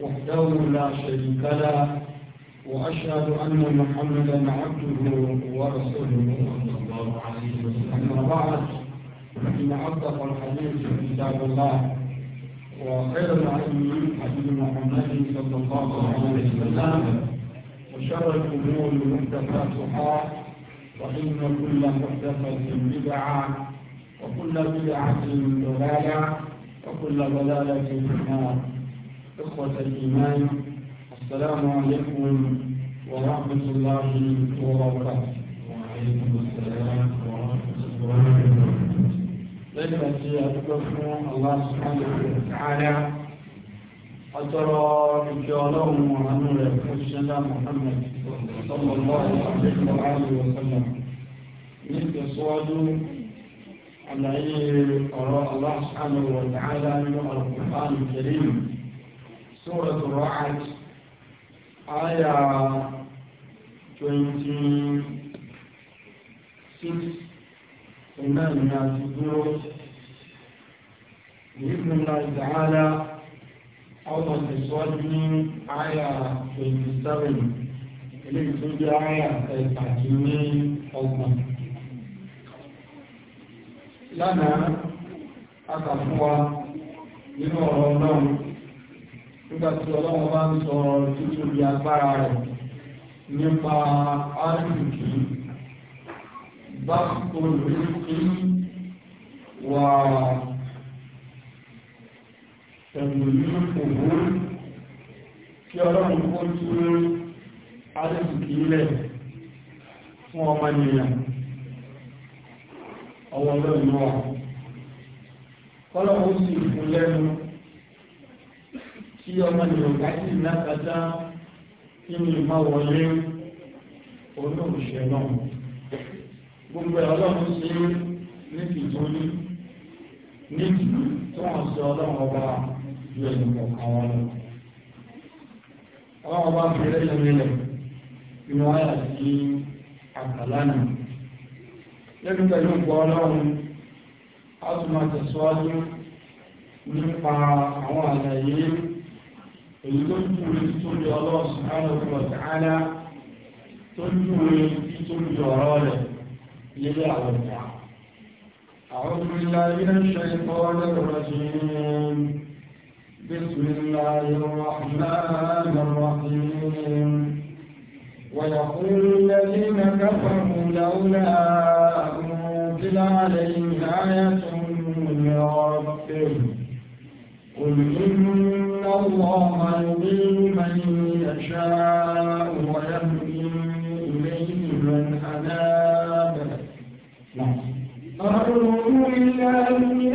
وحده لا شريك له وأشهد أن محمدا عبده ورسوله صلى الله عليه وسلم أما بعد فإن أصدق الحديث كتاب الله وخير العلم حديث محمد صلى الله عليه وسلم وشر الأمور محدثاتها وإن كل محدثة بدعة وكل بدعة ضلالة وكل ضلالة في النار إخوة الإيمان السلام عليكم ورحمة الله وبركاته وعليكم السلام ورحمة الله وبركاته لكن سيأتكم الله سبحانه وتعالى أترى رجالهم وعنور الحسنى محمد صلى الله عليه وآله وسلم مثل صوته على أي الله سبحانه وتعالى من القرآن الكريم سورة الرعد آية 26 إمام يعتبر بإذن الله تعالى أو تسوجني آية 27 eléyìí tó jẹ́ àyà ẹ̀ẹ́dàjì ní ọgbọ̀n. lánàá a kà fún wa nínú ọ̀rọ̀ náà nígbà tí ọlọ́run bá ń sọ títóbi agbára rẹ̀ nípa áìsìkì báṣepọ̀ lórí wà ẹ̀mùlú òwú kí ọlọ́run kó tú áìsìkì ilẹ̀ fún ọmọ ènìyàn ọwọ́ lọ́nà wà kọ́lọ́run sì fún lẹ́nu tí ọmọ yorùbá sì lágbàdá nínú ìmọ̀ wọlé olóòṣè náà gbogbo ọlọ́run ṣe ní tìtúní ní tìtú tí wọ́n ṣe ọlọ́run ọba ju ẹ̀yìn kọ̀ọ̀kan wọn lọ. ọlọ́run ọba fi lẹ́yìn nílẹ̀ inú ayà sí àkàlánà lẹ́nu pẹ̀lú ìgbọ́ ọlọ́run a tún máa tẹ̀síwájú nípa àwọn àlàyé èyí tó ń júwe títóbi Allah subhanahu wa ta'ala tó ń júwe títóbi ọ̀rọ̀ rẹ̀ nílé àwọn ìyá. أعوذ بالله من الشيطان الرجيم بسم الله الرحمن الرحيم ويقول الذين كفروا لولا أنزل عليه آية من ربهم قل إن الله يضل من يشاء ويهدي إليه من أناب أعوذ بالله من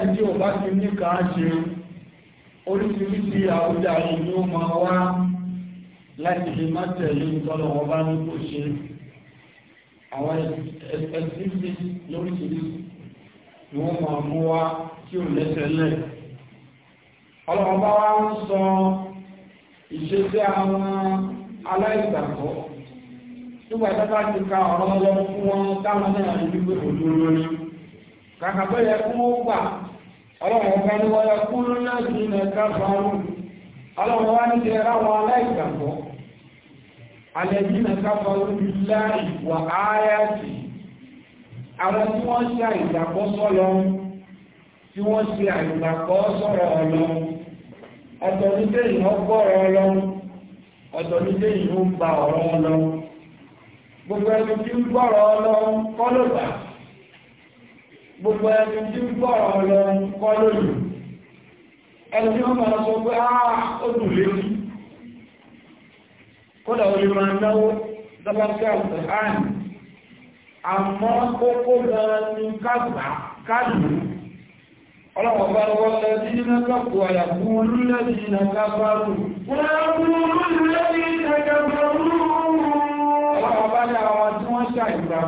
ẹni tí ò bá ti ní kàá ṣe oríṣiríṣi àwùjá yìí ló máa wá láti fi má tẹ̀lé ìtọ́lọ̀ wọn bá ní kò ṣe àwọn ẹ̀sìnkì lóríṣiríṣi ni wọ́n máa mú wá tí ò lẹ́sẹ̀lẹ̀ ọlọ́wọ́n bá wá ń sọ ìṣesí àwọn aláìgbàgbọ́ nígbà tó bá ti ka ọ̀rọ̀ lọ fún wọn táwọn náà ní wípé òdúró lórí kàkà bọ́ yẹ kó gbà ọlọ́run ọ̀gá ni wọ́n yẹ kó lọ́nà sí ilẹ̀ káfàárù ọlọ́run wá ní jẹ́ ráwọn aláìgbàgbọ́ káfàárù láì wà áyàtì àwọn tí wọ́n ṣe àìgbàgbọ́ sọ́lọ tí wọ́n ṣe àìgbàgbọ́ sọ̀rọ̀ ọ̀lọ ní déyìn ọlọ ní déyìn ó ọlọ gbogbo ẹni tí ń gbọ́rọ̀ ọlọ gbogbo ẹni tí ń bọ̀ ọ̀rọ̀ kọ́ lónìí ẹni tí wọ́n máa sọ pé áà ó dùn kódà orí máa náwó dábàkà ọ̀sán àmọ́ kókó kágbà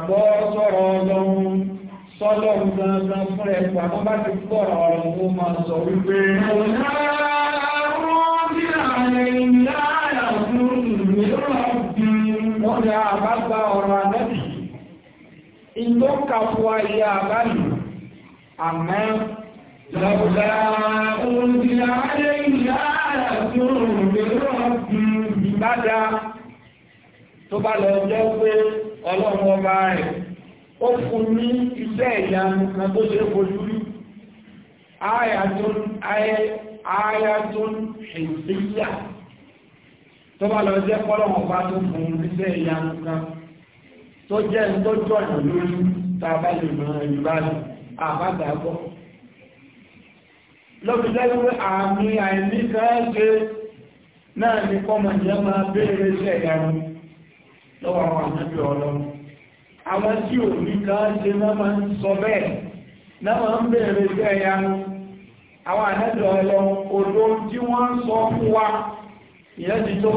bá sọ́dọ̀ gbọ́nà fún ẹ̀kọ́ àwọn bá ti pọ̀ ọ̀rọ̀ mú ma sọ wípé wọ́n ni àbá gba ọ̀rọ̀ àdẹ́bì ìlú kàfùwà iye àbá yìí àmẹ́ lọ́gbà òǹdíyà ayé ìyá àyàtò ìgbèrò ọ̀gbìn ìbádá tó bá lọ jẹ́ pé ọlọ́run ọba rẹ̀ ó fún ní iṣẹ́ ìyanu kan tó ṣe fojú rí ayatun hizbiya tó bá lọ jẹ́ pọ́lọ̀wọ̀n bá tó fún iṣẹ́ ìyanu kan tó jẹ́ tó jọ̀nà lórí tàbá lè mọ̀ ìbáyìí àbádàgbọ́ lọ́bí lẹ́gbẹ́ àmì àìní kẹ́ẹ́gbẹ́ náà ní kọmọ̀ jẹ́ máa béèrè iṣẹ́ ìyanu lọ́wọ́ àwọn àmì àwọn tí ò ní kan ṣe máa ń sọ bẹ́ẹ̀ náà ń bèèrè iṣẹ́ àwọn àdájọ́ ọlọ odó sọ wa ti tó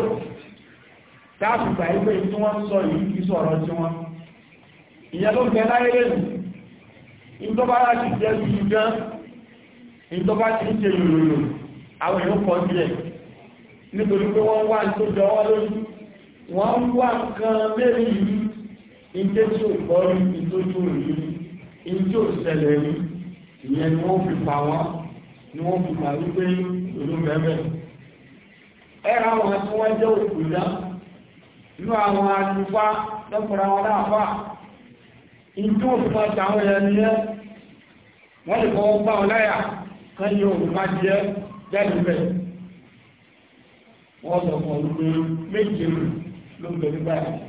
dáàbùgbà ìgbé tí wọ́n sọ yìí kí sọ̀rọ̀ tí wọ́n ìyẹn ló fẹ́ láyé lè ìjọba láti jẹ́ i gan ti ń ṣe yòròyò àwọn èèyàn kọ sílẹ̀ nítorí pé wọ́n wá tó jọ ìjẹ́ tí ò gbọ́ rí ìtójú rí ìjẹ́ ò ṣẹlẹ̀ rí ìyẹn ni wọ́n fi pa wọ́n ni wọ́n fi pa wípé olúmẹ́mẹ́ ẹ̀rọ àwọn tí wọ́n jẹ́ òkúdá inú àwọn àlùfá lọ́pọ̀ra wọn láàfà ìjẹ́ òfin àtàwọn ẹ̀yẹ ni ẹ́ wọ́n lè fọwọ́ bá wọn láyà kan yóò rí jẹ́ jáde bẹ́ẹ̀ wọ́n sọ fún ọdún méje ló ń bẹ̀rẹ̀ báyìí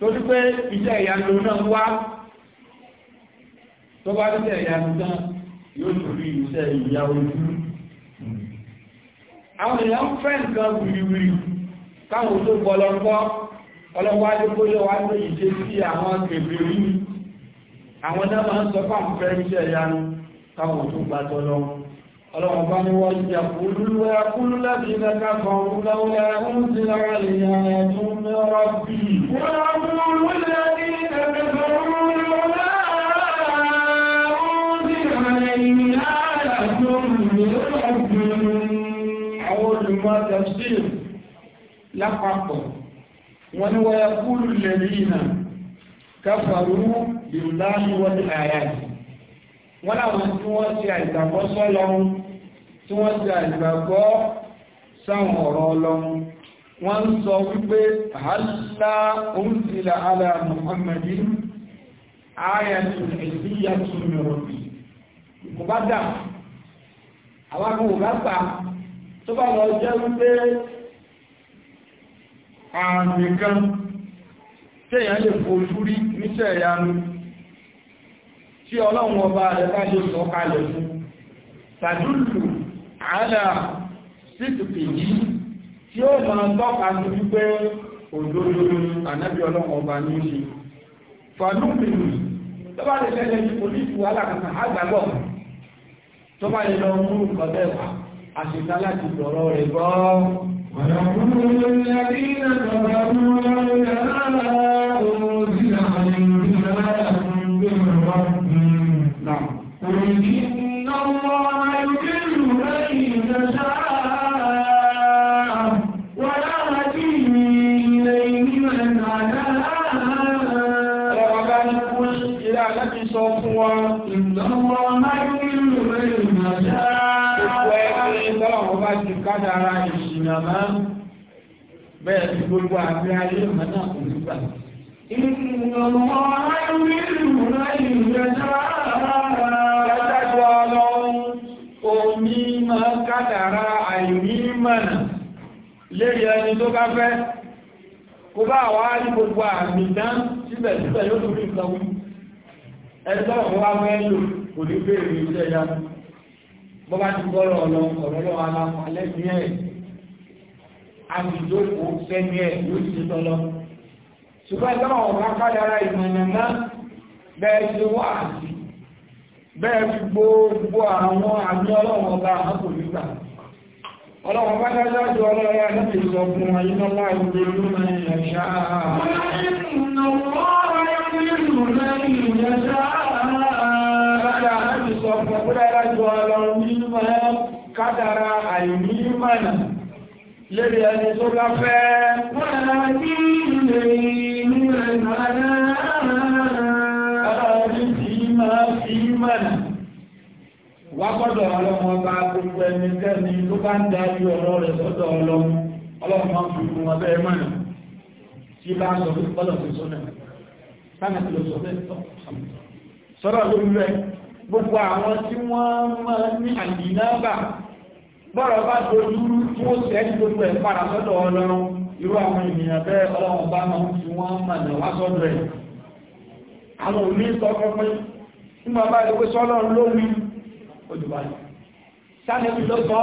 torí pé iṣẹ́ ìyanu náà wá tó bá iṣẹ́ ìyanu náà yóò tún rí iṣẹ́ ìyá ojú àwọn èèyàn fẹ́ nǹkan wìrìwìrì káwọn tó bọ́ lọ́pọ́ ọlọ́wọ́ adékóyè wá ló ìṣe sí àwọn kèbè rí àwọn náà máa ń sọ fáwọn fẹ́ iṣẹ́ ìyanu káwọn tó gbàtọ́ lọ́wọ́ ọlọ́run bá ní wọ́n yà kúrú wẹ́ kúrú láti ìdẹ́ka kan lọ́wọ́ ẹ̀hún sí lára lè yà ẹ̀tún mẹ́rọ bí i wọ́n á mú wílẹ̀ ní ẹ̀kẹ́ lápapọ̀ wọn ni wọ́n yà kúrú lẹ́rí náà káfàrú ìrùláyíwọ́n àyàjì wọ́n láwọn tí wọ́n ti àìtàkọ́sọ́ lọ́run tí wọ́n ti àìgbàgbọ́ sáwọn ọ̀rọ̀ ọlọ́run wọ́n ń sọ wípé hálà oúnjẹ́lá alá Muhammadi ayatun ìdíyàtun mẹ́rọ̀bì kò bá dà àwọn kò bá pa tó bá lọ jẹ́ wípé àmì kan tí ọlọ́run ọba rẹ̀ bá sọ kalẹ̀ fún tàdúlù àádà síkìtì yìí tí ó máa tọ́ka sí wípé òdodo ànábì ọlọ́run ọba ní ṣe fàánúbìnì tó bá lè fẹ́lẹ̀ ní polisi alákàtà àgbàgbọ́ tó bá lè lọ mú ìkọ̀dẹ́wà àṣìta láti sọ̀rọ̀ rẹ̀ gbọ́ Now, sàmá bẹ́ẹ̀ tí gbogbo àbí ayé ìmọ̀ náà kò ní gbà. ìgbìmọ̀ ayélujára náà ìjẹta adájọ́ ọlọ́run omi máa kádàrá àìní mọ̀nà lérí ẹni tó bá fẹ́ kó bá wá ní gbogbo àmì dán síbẹ̀síbẹ̀ yóò tún rí nǹkan wí ẹgbẹ́ ọ̀pọ̀ wá mẹ́lò kò ní bèèrè iṣẹ́ ya bọ́bá ti gbọ́rọ̀ ọlọ́run ọ̀rọ̀ lọ́wọ́ aláfọ́ alẹ́ ní ẹ̀ àbìjókòó sẹ́ni ẹ̀ lórí ìtọ́lọ́ ṣùgbọ́n táwọn ọ̀gá kádàrá ìmọ̀nà náà bẹ́ẹ̀ ṣe wá àti bẹ́ẹ̀ fi gbogbo àwọn àmì ọlọ́wọ̀n ọba àwọn kò nígbà ọlọ́wọ̀n bá dájájú ọlọ́rẹ́ láti sọ fún wọn iná láàrín olú mẹ́rin ẹ̀ṣá Kádàrá àìní mọ̀nà lórí ẹni tó bá fẹ́ wákọ́dọ̀ ọlọ́mọ bá gbogbo ẹnikẹ́ni tó bá ń darí ọ̀rọ̀ rẹ̀ sọ́dọ̀ ọlọ́mọ ọlọ́mọ fi fún ọbẹ̀ mọ́nà tí bá sọ fún ọlọ́ fi sọ́nà sáàmì tí ó sọ fẹ́ sọ́rọ̀ lórí rẹ̀ gbogbo àwọn tí wọ́n mọ́ ní àdínábà bọ́rọ̀ bá dojúrú tí ó tẹ́ ní gbogbo ẹ̀ padà sọ́dọ̀ ọlọ́run irú àwọn ènìyàn bẹ́ẹ̀ ọlọ́run bá máa ń fi wọ́n mọ̀nà wá sọ́dọ̀ ẹ̀ àwọn òní sọ́kọ́ pé ní bàbá rẹ̀ pé sọ́lọ́run lórí ojúbalẹ̀ sálẹ̀bí ló sọ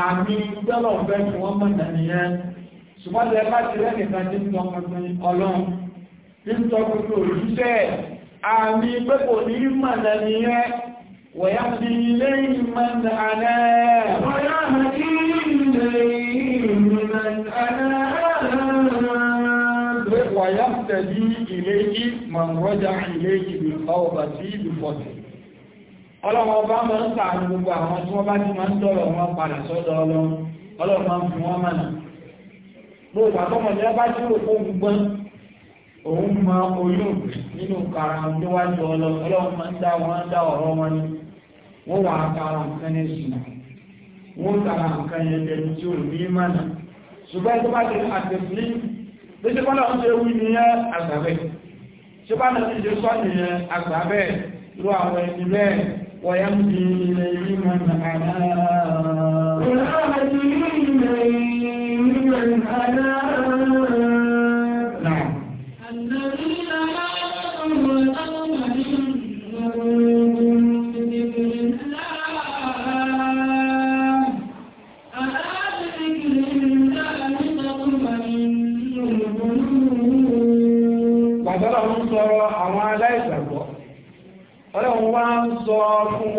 àmì ìjọ́lọ̀ bẹ́ẹ̀ ni wọ́n mọ̀nà nìyẹn ṣùgbọ́n lẹ bá ti rẹ́ nìkan tí ń tọkọ pé ọlọ́run ní tọkọ pé òjíṣẹ́ àmì pé kò ní mọ̀nà nìyẹn ويهدي إليه من أناب ويهدي إليه من أناب ويهتدي إليه من رجع إليه بالخوضة بفضله ọlọ́wọ́ bá mọ́ ń sàánú gbogbo àwọn tí wọ́n bá ti máa ń tọ́rọ wọn padà sọ́dọ̀ ọlọ́run ọlọ́run máa ń fi wọ́n gbogbo tí ó òun oyún nínú ń wọ́n wà tààrà nǹkan ní ṣìnà wọ́n tààrà nǹkan yẹn ẹni tí ó ní mọ́nà ṣùgbọ́n tó bá ti àtẹ̀sí bí ṣe kọ́nà ń ṣe wí ní àgbàbẹ̀ ṣe bá ṣe sọ́ nìyẹn àgbàbẹ̀ ló àwọn ẹni bẹ́ẹ̀ wọ̀nyẹ́ ń di ilẹ̀ yìí mọ́nà àná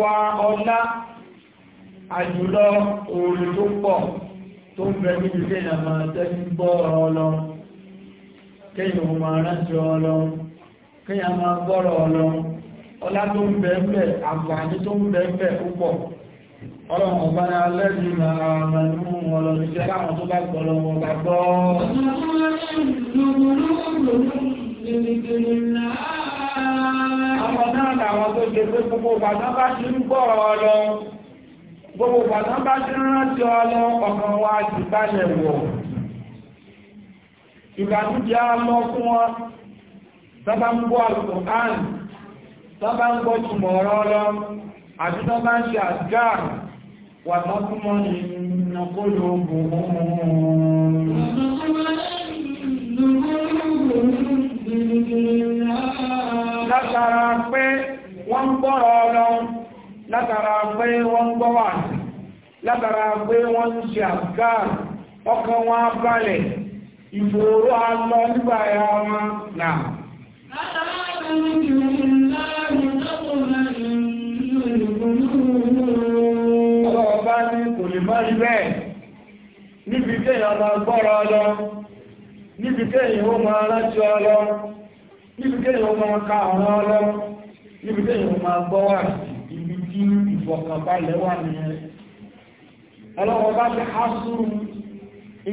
wá ọlá àjùlọ òòrùn tó pọ̀ tó ń bẹ níbi tí èèyàn máa tẹ́sí gbọ́ ọ̀rọ̀ ọlọ kéèyàn ò máa rántí ọlọ kéèyàn máa gbọ́rọ̀ ọlọ ọlá tó ń bẹ ń àǹfààní tó ń bẹ ń púpọ̀ ọlọ́run ọba ní alẹ́ yìí na àmàlú ọlọ́run iṣẹ́ láwọn tó bá gbọ́ lọ́wọ́ bá gbọ́. ọ̀sán ọlọ́run lòun lòun lòun lòun lòun lòun àwọn náà làwọn tó ṣe pé gbogbo bàtán bá ti ń gbọ́ ọ lọ gbogbo bàtán bá ti ń rántí ọ lọ ọkàn wa ti balẹ̀ wọ̀ ìbànújẹ́ á lọ fún wọn tọ́bá ń gbọ́ Al-Qur'an tọ́bá ń gbọ́ túnmọ̀ ọ̀rọ̀ lọ àti tọ́bá ń ṣe àjá wà tọ́kúnmọ́ ìrìnàkólò ògùn látara pé wọ́n ń gbọ́rọ̀ ọlọ́run látara pé wọ́n ń látara pé wọ́n ń ṣe àgbà ọkàn wọn balẹ̀ ìfòòró alọ nígbà ọba wọn náà Ọlọ́ọ̀bá ọba kò lè mọ́ ibẹ̀ níbi ó máa rántí níbi tẹ́yìn ọmọ ká àwọn ọlọ́run níbi tẹ́yìn ọmọ gbọ́ wà ibi tí ìfọ̀kànbalẹ̀ wà bá ti há sùúrù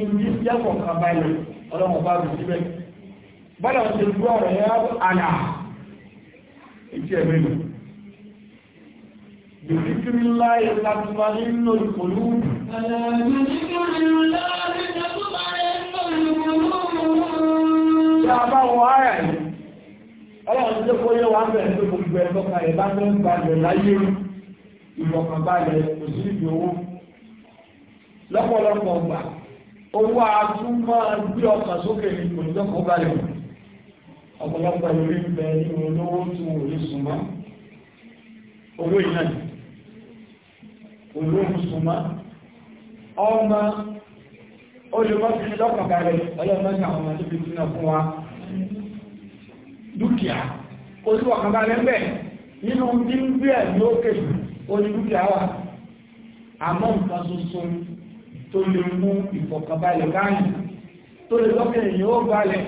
ìdí jẹ́fọ̀kànbalẹ̀ ọlọ́run bá rù síbẹ̀ bọ́lá ọlọ́run tó kó yẹ wà ń bẹ̀rẹ̀ pé gbogbo ẹ̀tọ́ kalẹ̀ bá tó ń balẹ̀ láyé ìmọ̀kànbalẹ̀ kò sí ìdí owó lọ́pọ̀lọpọ̀ ọgbà owó atúmọ̀ bí ọkàn sókè ní kò ní lọ́kàn balẹ̀ ọ̀pọ̀lọpọ̀ ìrírí ń bẹ nínú olówó tó wò lè sùn mọ́ owó ìná olówó sùn mọ́ ọmọ olùmọ́sí lọ́kàn balẹ̀ ọlọ́mọ́sí àwọn ọmọ tó fi sínú fún wa dúkìá oníwọ̀kànbalẹ̀ mẹ́ nínú ní ń gbé ẹ̀mí òkè oní dúkìá wà àmọ́ nǹkan soso tó lè mú ìfọ̀kànbalẹ̀ báyìí tó lè lọ́kẹ̀ èèyàn ó balẹ̀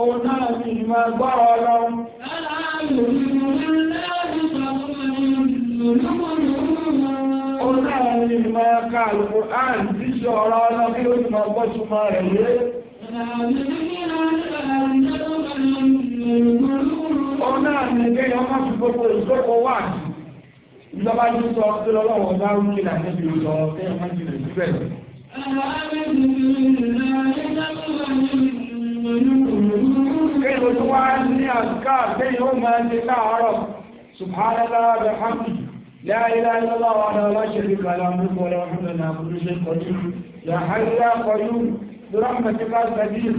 òun náà ní ìmọ̀ gbọ́rọ̀ ọlọ́run òun náà ní ọ̀nà àmìlẹ́gbẹ́ yọ máa fi gbogbo ìjọpọ̀ ìjọba ní sọ pé lọ́wọ́ bá ń kí láti fi lọ fẹ́ẹ̀ máa jìnà síbẹ̀. kéèyàn tó wá ní àzùká kéèyàn ó máa ṣe láàárọ̀ subhanallah wa hamdi la ilaha illallah wa la sharika lahu mulku wa lahu hamdu ala kulli shay'in qadir ya hayyu ya qayyum bi rahmatika astaghith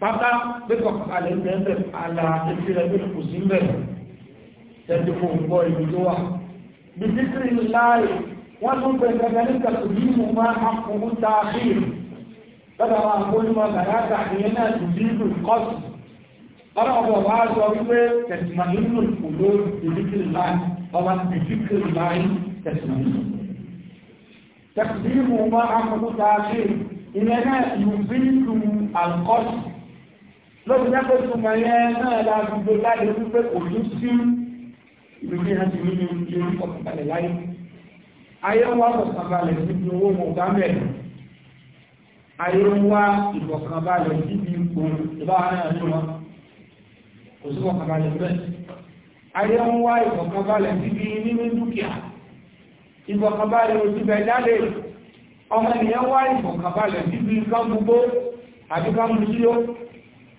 pátá pẹ́kọ̀ kalẹ̀ ìbẹ̀ẹ́bẹ̀ ala ẹgbẹ́ rẹ̀ kò sí mẹ́ tẹ́jú fún gbọ́ ìlú tó wà bí títí láàrí wọ́n tún pẹ̀lẹ̀ ní kàtùbí mú máa hapun tààfíì lọ́dọ̀ àwọn akónímọ̀ gàyàtà ìyẹn náà tù bí ìlú kọ́sù lọ́dọ̀ ọ̀bọ̀ wá sọ wípé tẹ̀sìmọ̀nínú kò ló ìdíkì láàrí ọba ìdíkì láàrí tẹ̀sìmọ̀nínú tẹ̀sìmọ̀ máa hapun lọ́dún jẹ́ pé túnmọ̀ yẹn náà la gbogbo láti rí pé kò ní sí ìlú bí wọ́n ti ní ní ilé ìfọ̀kànbalẹ̀ láyé ayé ń wá ìfọ̀kànbalẹ̀ níbi owó wọn bá mẹ́rin ayé ń wá ìfọ̀kànbalẹ̀ níbi òun ìbáwọn náà ní wọn kò sí ìfọ̀kànbalẹ̀ bẹ́ẹ̀ ayé ń wá ìfọ̀kànbalẹ̀ níbi nínú dúkìá ìfọ̀kànbalẹ̀ òsìbẹ̀ jáde ọmọ ènìyàn wá ìfọ̀kànbalẹ̀ níbi nǹkan gbogbo àbíkan mú yíyó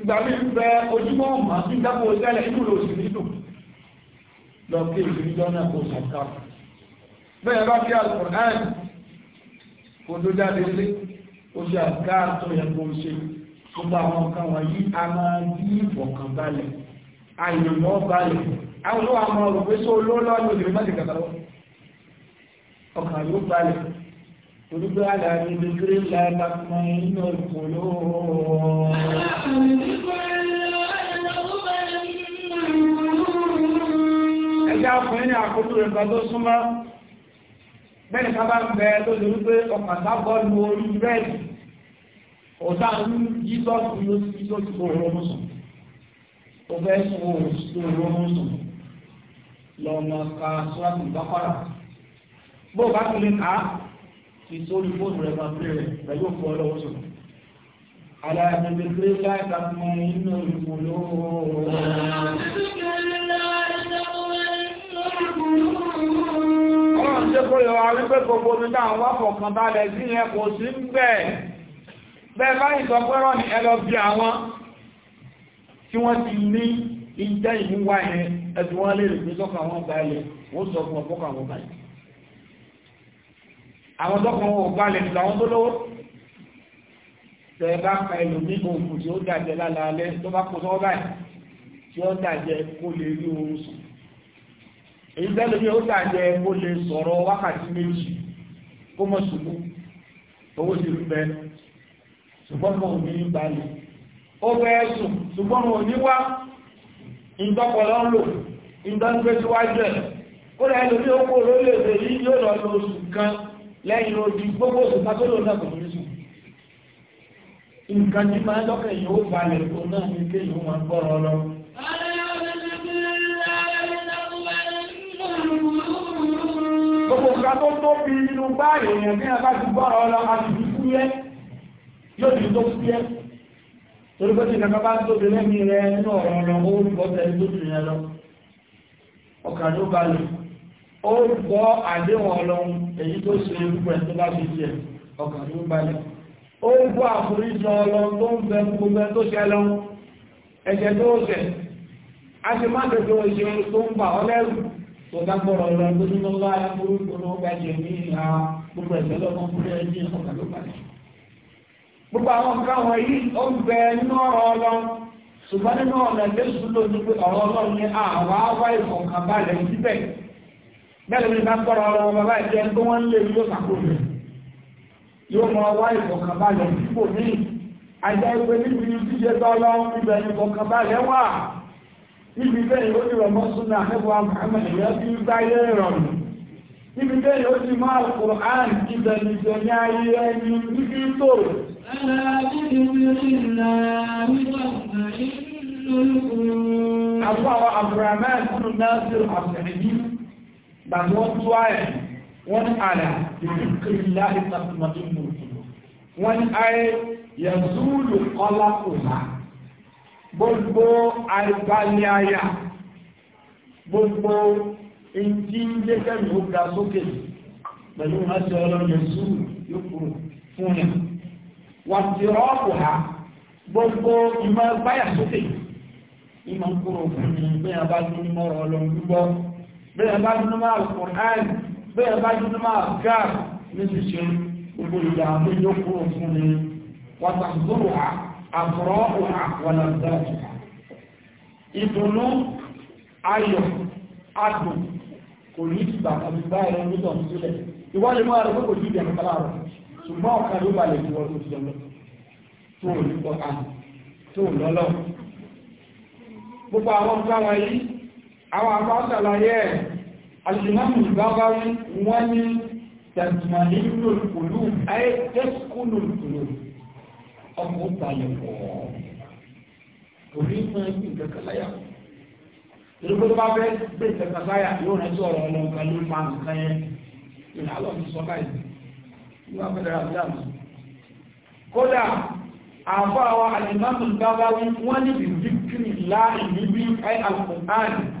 ìgbà mi bẹ ojúmọ́ ọ̀mà tí dábò tẹ́lẹ̀ inú lò sí nínú lọ kí èsì níjọ́ náà kò sàkà bẹ́ẹ̀ bá kí alùpùpù kò tó jáde lé ó ṣe àgbà tó yẹ kó ṣe gbogbo àwọn nǹkan wọ̀nyí a máa bí ìfọ̀kàn balẹ̀ àyànmọ́ balẹ̀ àwọn olówó àwọn olùgbésó olólọ́ọ̀lù ìrìnàjò kàkàlọ́ ọkàn yóò balẹ̀ Olúgbé àlàyé ìdíkírí lára fún inú ìpòlò. Ẹjá ọkùnrin ní àkókò rẹ̀ bá tó súnmọ́. Bẹ́ẹ̀ni ká bá ń bẹ tó lè wípé ọkà sábọ́ lu orí bẹ́ẹ̀dì. Ọ̀tá ń yí sọ́ọ̀tù ló ti tó ti kòrò mú sùn. Ó fẹ́ sùn oòrùn sí kòrò fi sórí fóònù rẹ̀ máa fi rẹ̀ pẹ̀lú òkú ọlọ́wọ́ sọ̀rọ̀. Aláàbẹ̀bẹ̀ pé láìka mọ inú ìpolówó. Ọlọ́run ṣe kó yọ arí pé gbogbo omi náà wá fọ̀kan balẹ̀ sí yẹn kò sí ń bẹ̀. Bẹ́ẹ̀ báyìí sọ pé rọ̀ ní ẹ lọ bí àwọn tí wọ́n ti ní ìjẹ́ ìmúwá yẹn ẹ̀sùn wọn lè rí pé sọ́kàn wọn balẹ̀ wọ́n sọ fún ọ̀pọ̀kàn wọn balẹ̀ àwọn tọ́kàn wọn ò balẹ̀ nípa àwọn tó lówó tẹ bá ka ẹlòmí òògùn tí ó dàjẹ lálaalẹ́ tó bá kó sọ́wọ́ báyìí tí ó dàjẹ kó lè rí oorun sùn èyí tẹ́lòmí ó dàjẹ kó lè sọ̀rọ̀ wákàtí méjì kó mọ̀ ṣùgbọ́n owó ti rí bẹ́ẹ̀ ṣùgbọ́n mọ̀ ní balẹ̀ ó fẹ́ sùn ṣùgbọ́n mọ̀ ní wá ìdọ́kọ̀lọ́ ń lò ìdọ́gbẹ́síwájú ẹ̀ kó lẹ́ẹ̀lòmí ó kó lórílẹ̀-èdè yìí yóò lọ lẹ́yìn odi gbogbo òṣùpá tó lòun náà kò ní sùn nǹkan tí máa ń lọ́kàn yìí ó balẹ̀ tó náà ní kéèyàn máa ń gbọ́rọ̀ lọ. gbogbo nǹkan tó tóbi inú bá èèyàn bí wọn bá ti gbọ́rọ̀ lọ a sì fi fúyẹ́ yóò di tó fúyẹ́ torí pé tí nǹkan bá tóbi lẹ́mí rẹ nínú ọ̀rọ̀ lọ ó ń bọ́ tẹ̀lé tó tún yẹn lọ ọkàn ló balẹ̀ ó gbọ́ àdéhùn ọlọ́run èyí tó ṣe gbogbo ẹ̀ tó bá ṣe jẹ ọkàn tó balẹ̀ ó ń kó àforíjì ọlọ tó ń bẹ gbogbo ẹ tó ṣẹ lọ ẹ̀jẹ̀ tó ṣẹ a ti má tètè ṣe tó ń bà ọ lẹ́rù tó dágbọ́rọ̀ lọ tó nínú ńlá ayáfóró ìgbóná ọgbà jẹ ní ìhà gbogbo ẹ̀jẹ̀ lọ́kàn fún ẹ̀jẹ̀ ọkàn tó balẹ̀ gbogbo àwọn nǹkan wọ̀nyí ó ń bẹ nínú ọ̀rọ̀ ọlọ ṣùgbọ́n nínú ọ̀nà lẹ́sùn lónìí pé ọ̀rọ̀ ọlọ́run ní àwọn àwa ìfọ̀kànbalẹ̀ síbẹ̀ bẹ́ẹ̀ na bá ọrụ ọ̀rọ̀ bàbá ìjẹ́ tó wọ́n lè yóò sàkóso yóò mọ wá ìfọ̀kànbalẹ̀ sípò ní àjẹ́ ìwé níbi jíjẹ tọ́lọ́ ibẹ̀ ìfọ̀kànbalẹ̀ wà níbi bẹ́ẹ̀ ó ti rọ̀mọ́ súnà àfẹ́fọ́ Muhammad ìyẹn ti ń náà sí ọ̀sẹ̀ tàbí wọ́n tó ayẹ̀ wọ́n àlà ìdíkìlá ìtàkùnmọ̀tò mọ̀tò wọ́n ayé yẹ̀zúlù kọ́lá kòlá gbogbo àìbalẹ̀ àyà gbogbo ìdí jẹ́kẹ́ mi ó ga sókè pẹ̀lú ọjọ́ ọlọ́run yẹ̀zúlù yóò kúrò fún yà wà ti rọ́ọ̀kù ha gbogbo ìmọ̀ ẹgbáyà sókè ìmọ̀ kúrò fún mi bí a bá tún mọ́rọ̀ ọlọ́run gbogbo bẹ́ẹ̀ bá dúnú máa Kùránì bẹ́ẹ̀ bá dúnú máa gáà ní gbogbo ìgbà tó kúrò fún ni wàtàkùrù àbúrọ̀ wàlà dájú ìdùnnú ayọ̀ adùn kò ní ìgbà tàbí báyìí gbogbo àwọn yìí àwọn àbáṣàlàyé alìsìnàmù ìgbàgbàrí wọ́n ní tẹ̀sìmàlìlò ìpòlú ayé tẹ́sìkúlù ìpòlú ọmọ balẹ̀ pọ̀ orí máa ń gbìn kẹkẹláyà ìrúkọ tó bá fẹ́ gbé kẹkẹláyà yóò rẹ sọ̀rọ̀ ọmọ nǹkan ló máa nǹkan yẹn ìrìn àlọ́ mi sọ báyìí nígbà fẹ́lẹ́ ra bíláàmù kódà àbá wa alìsìnàmù ìgbàgbàrí wọ́n ní bìbí kiri láì níbi ayé alùpùpù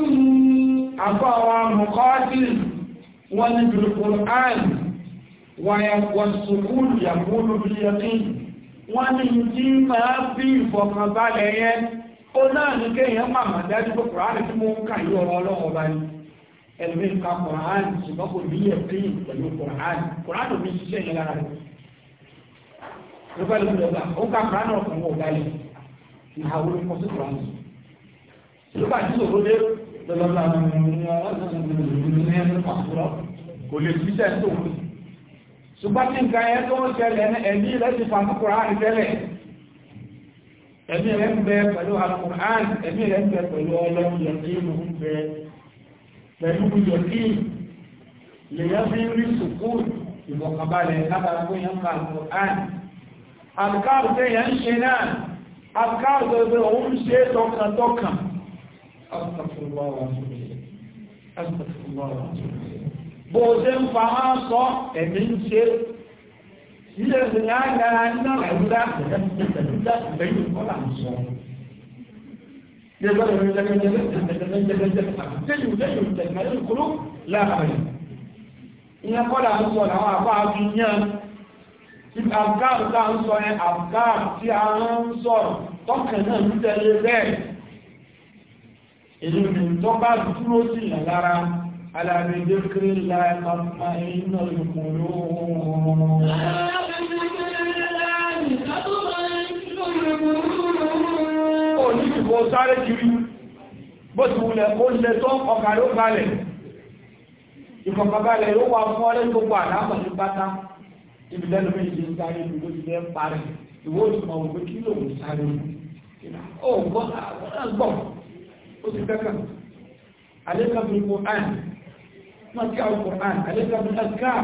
àbáwa mọ̀kọ́dìl wọn ni bilkùnrán wàyàwọ̀sùkúl yàmúlù bí yẹ̀kí wọ́n ni tí máa bí ìfọ̀kànbalẹ̀ yẹn ó náà ní kéèyàn màmà dájú pé kùránì mo ń kà yí ọ̀rọ̀ ọlọ́run ni ka kùránì ṣùgbọ́n kò ní yẹ̀kí pẹ̀lú kùránì kùránì mi ni mo kò lè jíṣẹ́ tó ṣùgbọ́n ní nǹkan ẹ̀ tó ń ṣẹlẹ̀ ní ẹ̀mí rẹ̀ ti fàmúkùrá ní tẹ́lẹ̀ ẹ̀mí rẹ̀ ń bẹ pẹ̀lú alkùnrán ẹ̀mí rẹ̀ ń bẹ pẹ̀lú ọlọ́run yẹ̀kí astagfirullah wa atubu ilayh astagfirullah wa atubu ilayh bó ṣe ń fa máa sọ ẹ̀mí ń ṣe ilé ìrìnà àgbára iná ẹ̀rúdá ẹ̀rúdá ìgbẹ́yìn kọ́là ń sọ يقدر من تجمل القلوب لا أبدا إن قال أنصر أو أبا بنيان الأفكار تأنصر أفكار تأنصر تقنن تلذيذ èyí ni tó bá dúró sí lára alábẹ́jẹ́ kiri láì máa iná ìkòló sáré kiri bó ti wulẹ̀ ó lẹ tó ọkà ló balẹ̀ ìfọ̀kàbalẹ̀ ló wà fún ọlẹ́ gbogbo àdámọ̀ ní pátá ibi méjì ń sáré ìlú ti fẹ́ parí ìwọ́n ti mọ̀ kí lòun sáré ó قلت عليك بالقرآن ما جاء القرآن عليك بالأذكار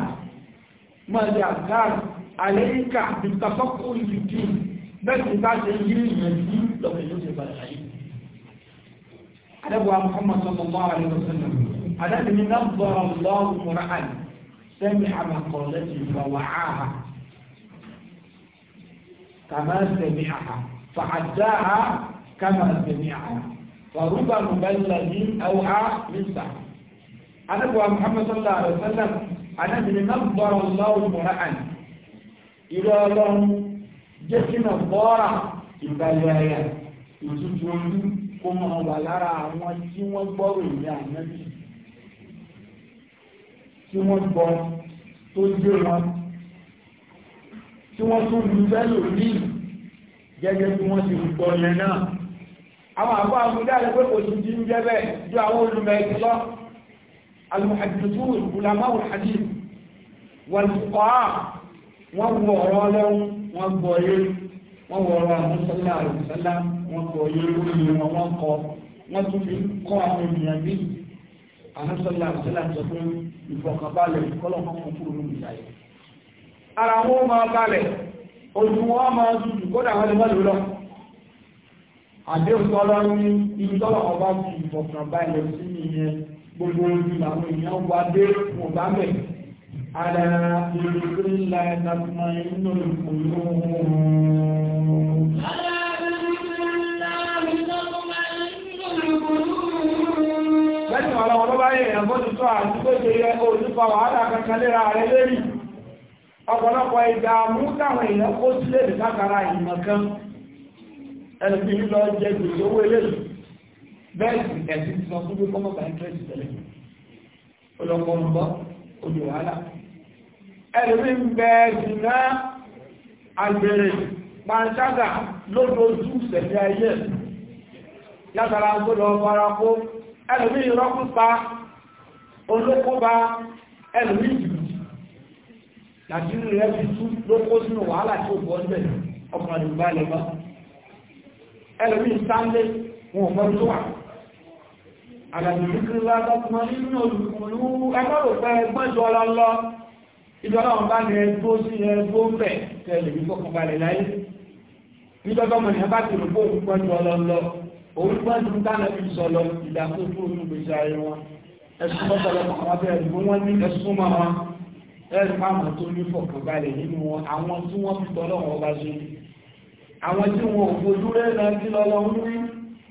ما جاء أذكار عليك بالتفكر في الدين بل إذا سيجري الدين لو يوسف الحديث أبوها محمد صلى الله عليه وسلم أنا من نظر الله القران سمع مقالته فوعاها كما سمعها فعداها كما سمعها faruba mubalagi awuha lisa anabuwa muhammad sallallahu alaihi wasallam anabini na bọrọ lọrọ mọra an irú ọlọ́run jẹ́ kí na bọra ìbálẹ̀ẹ́yà ìtútù ojú kó máa wà lára àwọn tí wọ́n gbọ́rò ìyá ànábì tí wọ́n gbọ́ tó gbé wọn tí wọ́n tún lu fẹ́ lòmíì gẹ́gẹ́ bí wọ́n ti gbọ́ yẹn náà àwọn àbọ̀ àmúdá rẹ̀ pé kò jíjí ń jẹ́ bẹ́ẹ̀ ju àwọn olùmọ̀ ẹ̀sìn lọ alùhàdìsún ìbùlámáwò hajj wọn kọ́ á wọ́n wọ ọ̀rọ̀ ọlọ́run wọ́n gbọ́ yé wọ́n wọ ọ̀rọ̀ àwọn sọ́lá àrùsọ́lá wọ́n gbọ́ yé lórí wọn wọ́n kọ́ wọ́n tún fi kọ́ àwọn ènìyàn bí ara wọn máa balẹ̀ ojú wọn máa dúdú kódà wọn lè wọ́n lò lọ́wọ́ àdéhùn tọ́lọ́ ní ibi tọ́lọ́ ọba ti ìfọ̀kànbalẹ̀ sí ìyẹn gbogbo ojú làwọn èèyàn wá dé wọn bá Ara ìrètí ńlá ẹ̀dàkùnmá inú ìkòló tó ṣe yẹ òṣìfà wàhálà Ọ̀pọ̀lọpọ̀ ìdààmú táwọn èèyàn kó sílẹ̀ ìdákara ẹni tí lílọ jẹ́ gbèsè owó eléyìí bẹ́ẹ̀ sì ẹ̀sìn ti sọ fún pé kọ́mọ̀ bá ń tẹ́sí tẹ́lẹ̀ ọlọ́pọ̀ ń bọ́ ojú wàhálà ẹ̀rí ń bẹ ìná àgbèrè pàṣágà lódójú sẹ̀lẹ̀ ayé látara ń gbọ́dọ̀ farako ẹ̀rí ìrọ́púpa olókóba ẹ̀rí ìjù láti rẹ̀ fi tú lókó sínú wàhálà tí ó bọ́ ọ̀pọ̀ àdúgbà lẹ́gbàá ẹlòmí sáńlé wọn mọ́ tó wà àlàmìsíkìlá lọ́pọ̀ nínú olùkùnlú ẹgbọ́rọ̀fẹ́ ẹgbọ́jọ́ ọlọ́lọ́ ìjọba wọn bá ní ẹgbó sí ẹgbó bẹ̀ tẹ́lẹ̀ ní kọkànbalẹ̀ láyé níjọba mọ̀ ní ẹbá ti rò bó olùgbọ́jọ́ ọlọ́lọ́ olùgbọ́jọ́ dáná fi sọ̀lọ àwọn tí wọn ò fojú rẹ̀ náà tí lọ́lọ́ ń rí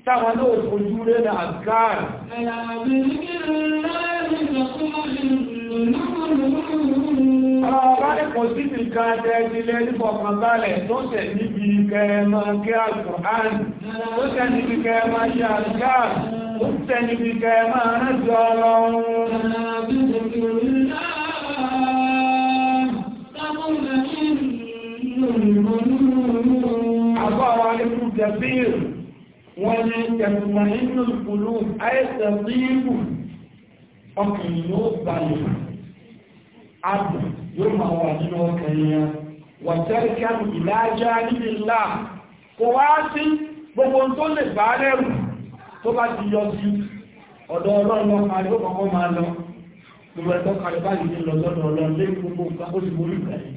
táwọn náà ò fojú rẹ̀ náà gáàrì Ọba ẹ̀kọ́ sí ti ká ẹgbẹ̀lẹ́ nífọ̀kànbalẹ̀ tó tẹ̀ níbi kẹrẹmà kí àkùrán, tó tẹ̀ níbi kẹrẹmà ṣe àríká, tó tẹ̀ níbi kẹrẹmà rántí ọlọ́run. Thank you àbáwá ikú jẹ́bíir wọ́n ní ẹ̀fùmọ̀ inú ìpòlú àìsẹ̀ sí ìbù ọkàn yóò balẹ̀ àbù yóò máa wà nínú ọkàn yẹn wọ̀tẹ́ríkà ìlàjá níbi ńlá kò wá sí gbogbo tó lè bá rẹ̀rù tó bá ti yọ sí ọ̀dọ̀ ọlọ́run ọkàn yóò kọ́kọ́ máa lọ gbogbo ẹ̀tọ́ kàrí báyìí lọ sọ́dọ̀ ọlọ́run lé gbogbo nǹkan ó sì mórí bẹ̀rẹ̀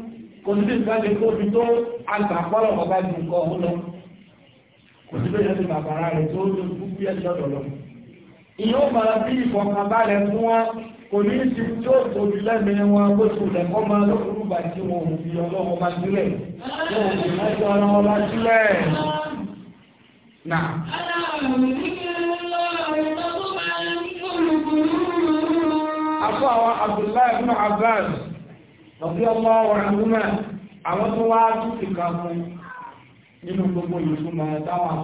kò sí ìgbà lè tóbi tó agbàpọ̀lọ̀ ọba jù nǹkan ọ̀hún lọ kò sí bẹ́ẹ̀ ti bàbára rẹ̀ tó ló kú bí ẹ̀ lọ́dọ̀ ìyẹn ó máa bí ìfọ̀kànbalẹ̀ fún wọn kò ní ti tó tóbi lẹ́mìí wọn bó ti lẹ̀ kọ́ máa lókùrú bá sílẹ̀ wọn ò fi ọlọ́wọ́ bá sílẹ̀ àwọn Abdullahi ibn Abbas ọ̀bí ọmọ ọ̀rànlúmọ̀ àwọn tó wá kan fún nínú gbogbo táwọn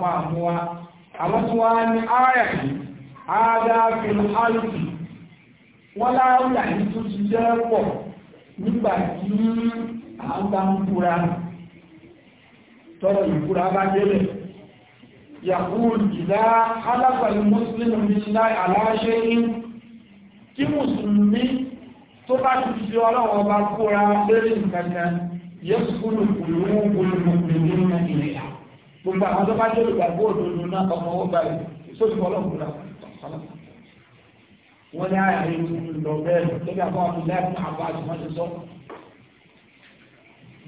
àwọn tó wá ní wọ́n láàrùn tó ti jẹ́ pọ̀ nígbà tí ń kúra tọrọ ìkúra bá délẹ̀ yàkúrù ìdá mùsùlùmí ní aláṣẹ́ mùsùlùmí tó bá ti fi ọlọ́run ọba kóra lórí ìkàkà yẹ́sù kúrò kúrò wọn kúrò kúrò nínú ìrìnà gbogbo àwọn tó bá jẹ́ olùgbàgbọ́ òdodo náà ọmọ owó báyìí sófin ọlọ́run kúrò wọ́n ní àyà yìí ti lọ bẹ́ẹ̀ lórí àwọn abúlẹ́ẹ̀kì àbá àjùmọ́ ti sọ.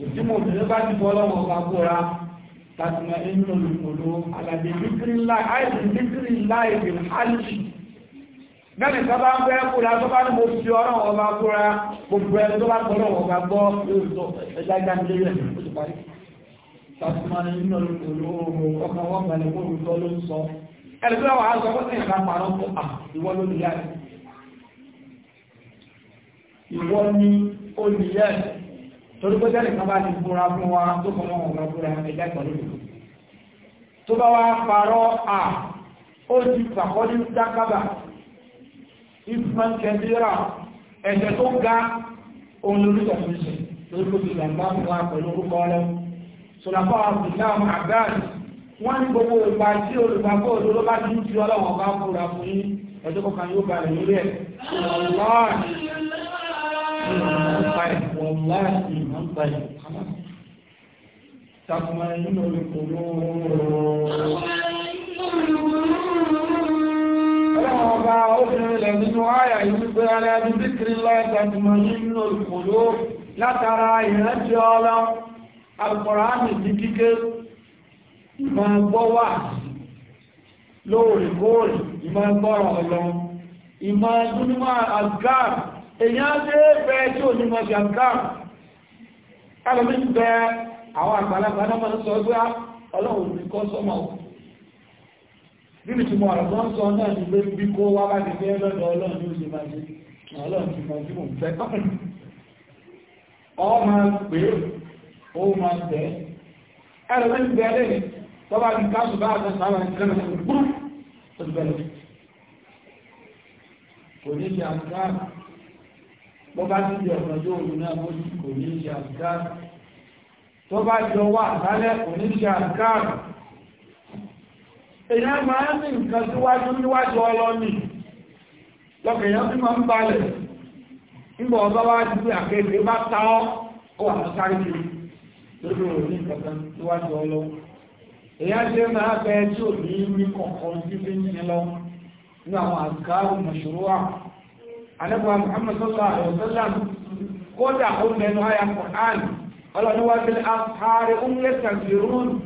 Òtí mo bèrè bá ti bọ́ lọ́wọ́ ọba gbóra láti mọ olùkòló alàdé bíkírí láì bíkírí láì bìrì Gẹ́gẹ́ tó bá ń fẹ́ kúra tó bá ní mo fi ọ̀rọ̀ wọn bá kúra gbogbo ẹni tó bá gbọ́dọ̀ wọn bá gbọ́ yóò sọ ẹja ìjà ní lórí ẹ̀ ó ti parí. Sàtúmọ̀ni ni ó nìyá rẹ̀. Torí pé jẹ́ nìkan bá ti kúra fún wa tó kọ́ wọn bá kúra ẹja ìgbàlódé. Tó bá wá parọ́ à ó ti pàkọ́lé dákábà ìfún kẹbíra ẹ̀jẹ̀ tó ga ohun lórí ìtàkùnṣe lórí kò ti gbàgbá fún wa pẹ̀lú orúkọ ọlọ́ sọ̀làpá abdullahi abdul wọ́n ní gbogbo ìgbà tí olùgbàgbọ́ òdòdó bá ti ń fi ọlọ́wọ́n bá fúra fún yín ẹjọ́ kọkàn yóò bá rẹ̀ lórí ẹ̀ wọ̀láàdì ìmọ̀ ń pa ẹ̀ takùnmọ̀ inú olùkòló ọlọ́run ọba obìnrin ilẹ̀ nínú àyà yìí pé ara ẹni bíkiri lẹ́ẹ̀kẹ́tùmọ̀ nínú olùkòló látara ìrántí ọlọ́ alùpùránì ní kíké ìmọ̀ ẹgbọ́ wà lóòrèkóòrè ìmọ̀ ẹgbọ́rọ̀ ọlọ́ ìmọ̀ ẹgbọ́nimọ̀ àgáà èyàn nínú tí mo àrùn sọ náà ní pé bí kó wá bá ti fẹ́ lọ́dọ̀ ọlọ́run ní oṣù máa ṣe ọlọ́run ti mọ̀ sí mò ń fẹ́ ọ máa pè é ó máa tẹ́ ẹ̀rọ ní ti bẹ̀rẹ̀ ní tọ́ba ní káṣù bá àtọ́ di ọ̀nà yóò lù náà mọ́ kò ní ṣe àbúrá tọ́ba jọ wà sálẹ̀ kò ní ṣe àbúrá èyàn máa ní nǹkan síwájú níwájú ọlọ́ni lọ́kẹ̀yàn tí máa ń balẹ̀ nígbà ọba wá ti pé àkẹ́kẹ́ bá ta ọ́ ó wà sáré kiri lórí òní nǹkan síwájú ọlọ́ èyàn ṣe máa bẹ tí ò ní ní kọ̀ọ̀kan tí fi ń sin lọ ní àwọn àgáwò mọ̀ṣúrú wà anẹ́bùwà Muhammad sọ́lá àyọ̀sọ́lá kódà ó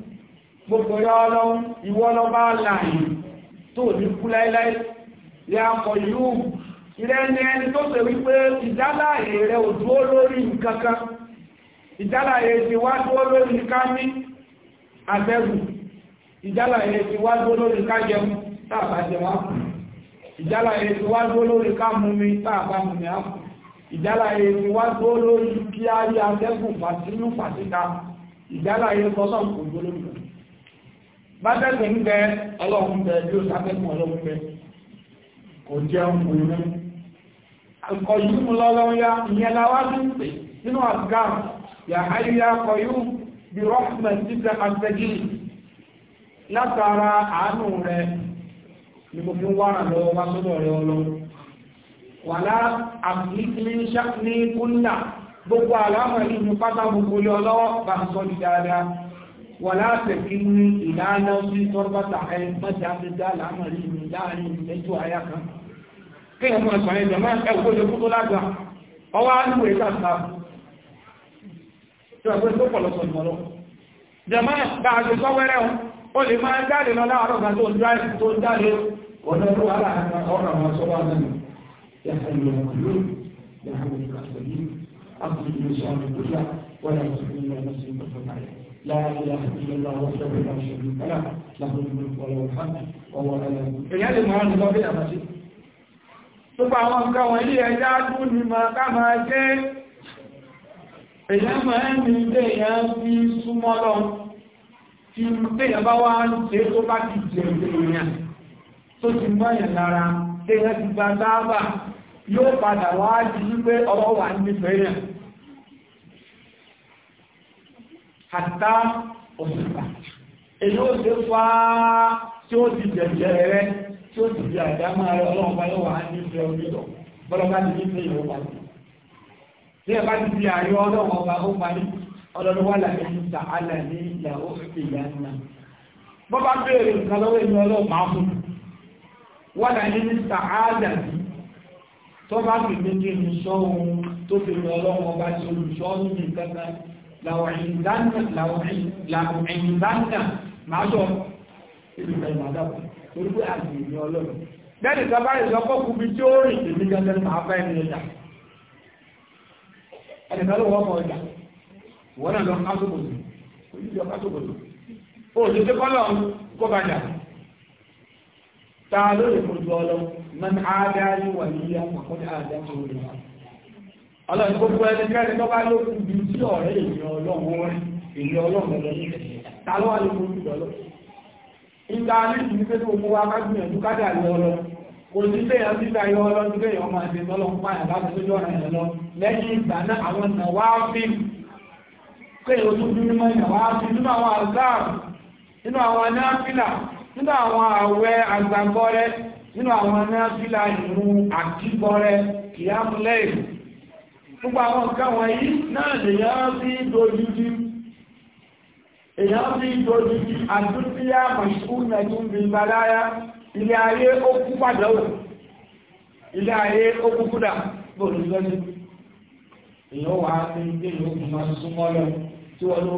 gbogbo yọ ọlọ́run ìwọ lọ bá láàyè tó ní kú láíláí ya kọ̀ yíò ilẹ̀ ẹni ẹni tó sẹ wípé ìdáláyè rẹ̀ ò dúó lórí nǹkankan ìdáláyè ti wá dúó lórí kámi àbẹ̀rù ìdáláyè ti wá dúó lórí kájẹun tàbá jẹun ápù ìdáláyè ti wá dúó lórí kámumi tàbá mumi ápù ìdáláyè ti wá dúó lórí kí á rí atẹ́kùn fàtínú fàtíta ìdáláyè sọ́sọ́ kò dúó lórí kò bátẹ́gbẹ̀ ń bẹ ọlọ́run bẹ bí ó sáfẹ́kùn ọlọ́run bẹ kò jẹun kò ní ọkọ̀ yìí mú lọ́lọ́run ya ìyẹn láwá ní nínú ya ya kọ bí látara àánú rẹ ni mo fi ń wára lọ wá gbogbo àlámọ̀ gbogbo lọ́wọ́ bá ń sọ́ wàlá àtẹ̀kí ní ìlànà sí tọ́rọ̀bátà ẹ̀ mọ́ta àfíjá láàmàrí mi láàrin ìlẹ́jọ́ àyá kan kí ẹ̀ mọ́ ẹ̀sàn ẹ̀jọ̀ máa ẹ̀kú lè kú tó lágbà ọwá níwò ìta sáà tí wọ́n tó pọ̀lọpọ̀ ìmọ̀lọ́ jẹ̀mọ́ bá a ṣe sọ wẹ́rẹ́ o ó lè máa jáde lọ láàárọ̀ kan tó jáde tó jáde ọ̀nà tó wà láàárín ọ̀rọ̀ àwọn sọ́wọ́ àdánù yàtọ̀ ìlú yàtọ̀ ìlú لا إله إلا الله وحده لا شريك له له الملك وله الحمد وهو على كل شيء Gbogbo àwọn nǹkan ẹja máa ká máa jẹ́ èyàn máa ń ilé èyàn fi súnmọ́ lọ tí bá wá ń ṣe tó bá ti jẹ tó ti lára ti yóò padà wá wípé yàn àtà òṣìṣà èyí ó ṣe fà á tí ó ti jẹ̀jẹ̀ rẹ tí ó ti di àdámà rẹ ọlọ́run bá yóò wà á ní ìfẹ́ onílọ bọ́lọ́bá ti ní ìfẹ́ ìwọ̀n parí tí ẹ bá ti di ààrẹ ọlọ́run ọba ó parí ọlọ́run wà láti ní ìta alẹ́ ní ìyà ó fi pè ìyá nà bọ́ bá béèrè nǹkan lọ́wọ́ èmi ọlọ́run máa fún wà láti ní ìta alẹ́ ní tó bá fi méjì ní sọ́hun tó fi lọ ọlọ́run ti olùṣọ́ nínú ìkankan làwùrìndánà máa jọ ìlúfẹ́ ìmọ̀dáwò torí pé àti ìní ọlọ́run bẹ́ẹ̀ni sábà ìsọpọ̀ kúbi tí ó rìn èmi gẹ́gẹ́ máa bá ẹni ọjà ẹnìkan ló wọ́pọ̀ ọjà wọ́n náà lọ kásòkòtò oníjọ kásòkòtò ó lè dé kọ́lọ̀ kó bá jà ta ló lè fojú ọlọ́ mẹ́ta ádáyé wà níyà àkọ́dá àdáyé wà ọlọ́run gbogbo ẹnikẹ́ni tó bá ló kú bí sí ọ̀rẹ́ ìyẹn ọlọ́run rẹ̀ ìyẹn ọlọ́run rẹ̀ ta ló wà ló kú bí lọ́lọ́ ìgbà nítorí wípé tó mú wa kágbìyànjú kádà lé ọlọ kò sí léèyàn síta yọ ọlọ sí léèyàn máa ṣe tọ́lọ ń pààyàn bá fi lójú ọ̀ràn yẹn lọ lẹ́yìn ìgbà náà àwọn ọ̀nà wá fi pé o tún bí mímọ́ ìyàwó á gbogbo àwọn nǹkan wọ̀nyí náà lèyàn fi dojú di èyàn fi dojú di àdúgbìyà mọ̀ṣíkú nẹ̀tún bí baláyá ilé ayé ó kú padà ó ilé ayé ó kú kúdà bóòlù lọ́dún èyàn wà á fi ilé ìlú máa súnmọ́ lọ tí wọ́n ló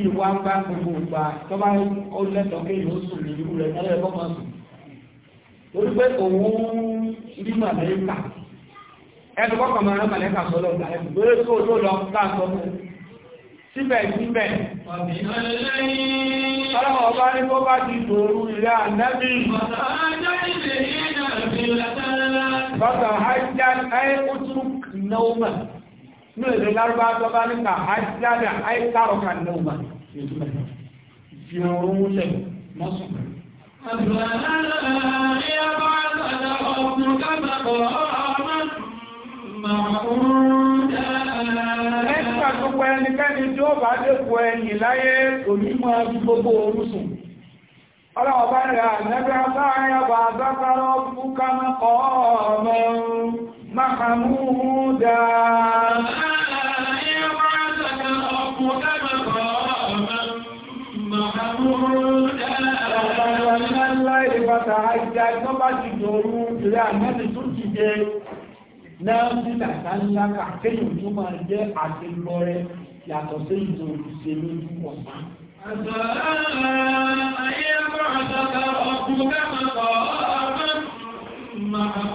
yìí wá bá gbogbo ìgbà tó bá ó lẹ́tọ̀ọ́ pé yóò sùn ní irú rẹ̀ tẹ́lẹ̀ kọ́ máa sùn torí pé òun rí màlẹ́kà ẹnu kọ́kọ́ máa rán màlẹ́kà sọ́lọ́ ìgbà ẹ̀kùn pé kó tó lọ láàtọ́ mú síbẹ̀ síbẹ̀ ọlọ́wọ́ bá ní kó bá ti dòrú ilé ànẹ́bí bọ́tà hajjá ẹ́ ó tún náà ní èdè lárúbá tó ka ní ká àìsíláàdà àìsíláàrọ̀ kan ní ọmọ fi oorun múlẹ̀ mọ́sùn. Àgbà ní Ẹ̀ka gbogbo ẹnikẹ́ni tí ó bá dẹ́kun ẹ̀yìn láyé onímọ̀ gbogbo orúsùn. Ọlọ́wọ́ bá rẹ̀ fún ọmọ محمودا Àìjà tó bá ti dòrú ìrẹ́ àmẹ́rin tó ti jẹ náà sí làtà ńlá kàkéyìn tó máa jẹ́ àti lọ́rẹ yàtọ̀ sí ìjọ òṣèlú ọ̀sán. Àjọ̀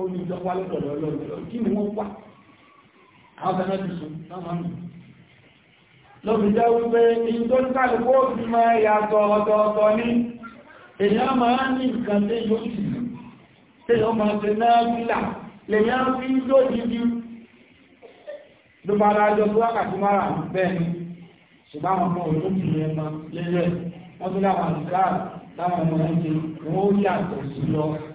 ó ní ìjọ wá lọ́dọ̀ lọ́dọ̀ kí ni wọ́n wá àwọn ọ̀sán náà ti sùn náà lọ́bí jẹ́ wípé in tó ń kàlùkó ti máa yàtọ̀ ọ̀tọ̀ọ̀tọ̀ ní èyàn máa ní nǹkan tí yóò sì tẹ́yàn máa tẹ náà fílà lèyàn fi yóò dídí lóbára ajọ́ tó wákàtí mara bẹ́ẹ̀ni ṣùgbọ́n àwọn ọmọ olóògùn yẹn máa lẹ́yẹ̀ wọ́n tó láwọn àdìsáà láwọn ọmọ ẹ̀ṣẹ́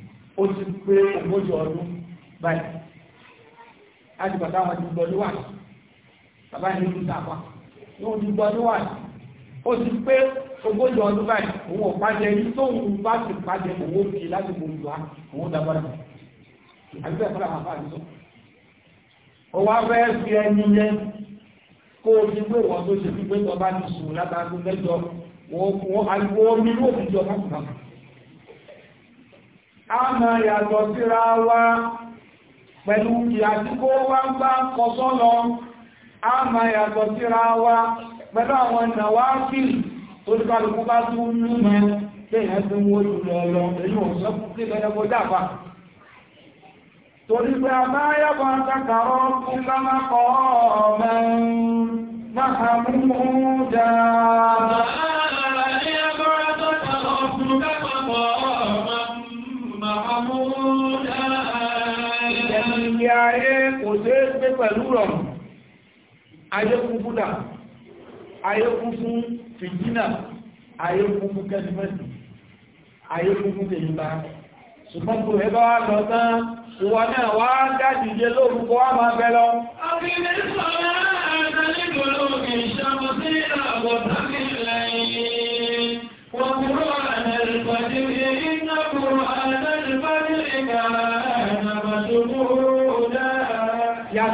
ó ti pé ogójì ọdún báyìí láti bàtà àwọn ti gbọ́ níwà bàbá yìí ló ń tàpá yóò ti gbọ́ níwà ó ti pé ogójì ọdún báyìí òun ò pàjẹ ní tóun bá ti pàjẹ òun ò kì láti mú ìlú wa dábàdà àbí bẹ́ẹ̀ fọ́lá fà ní sọ ọwọ́ abẹ́ fi ẹni yẹn kó o ti gbé wọn tó ṣe fi gbé tọ́ ti sùn látàgbé mẹ́jọ wọn ariwo omi ló fi jọ káàkiri a máa yàtọ̀ síra wa pẹ̀lú ìyà tí kó wá ń bá kọ sọ́lọ a máa yàtọ̀ síra wa pẹ̀lú àwọn ìnàwà tún mẹ́ tí yàtọ̀ àtàkàrọ̀ fún náà pẹ̀lú rọrùn ayékún búdà ayékún fún fìjínà ayékún fún kẹsìmẹ́sì ayékún fún tèyíba ṣùgbọ́n kò rẹ̀ bá wá lọ tán ìwà náà wá dájìjẹ lórúkọ wá máa bẹ lọ Àwọn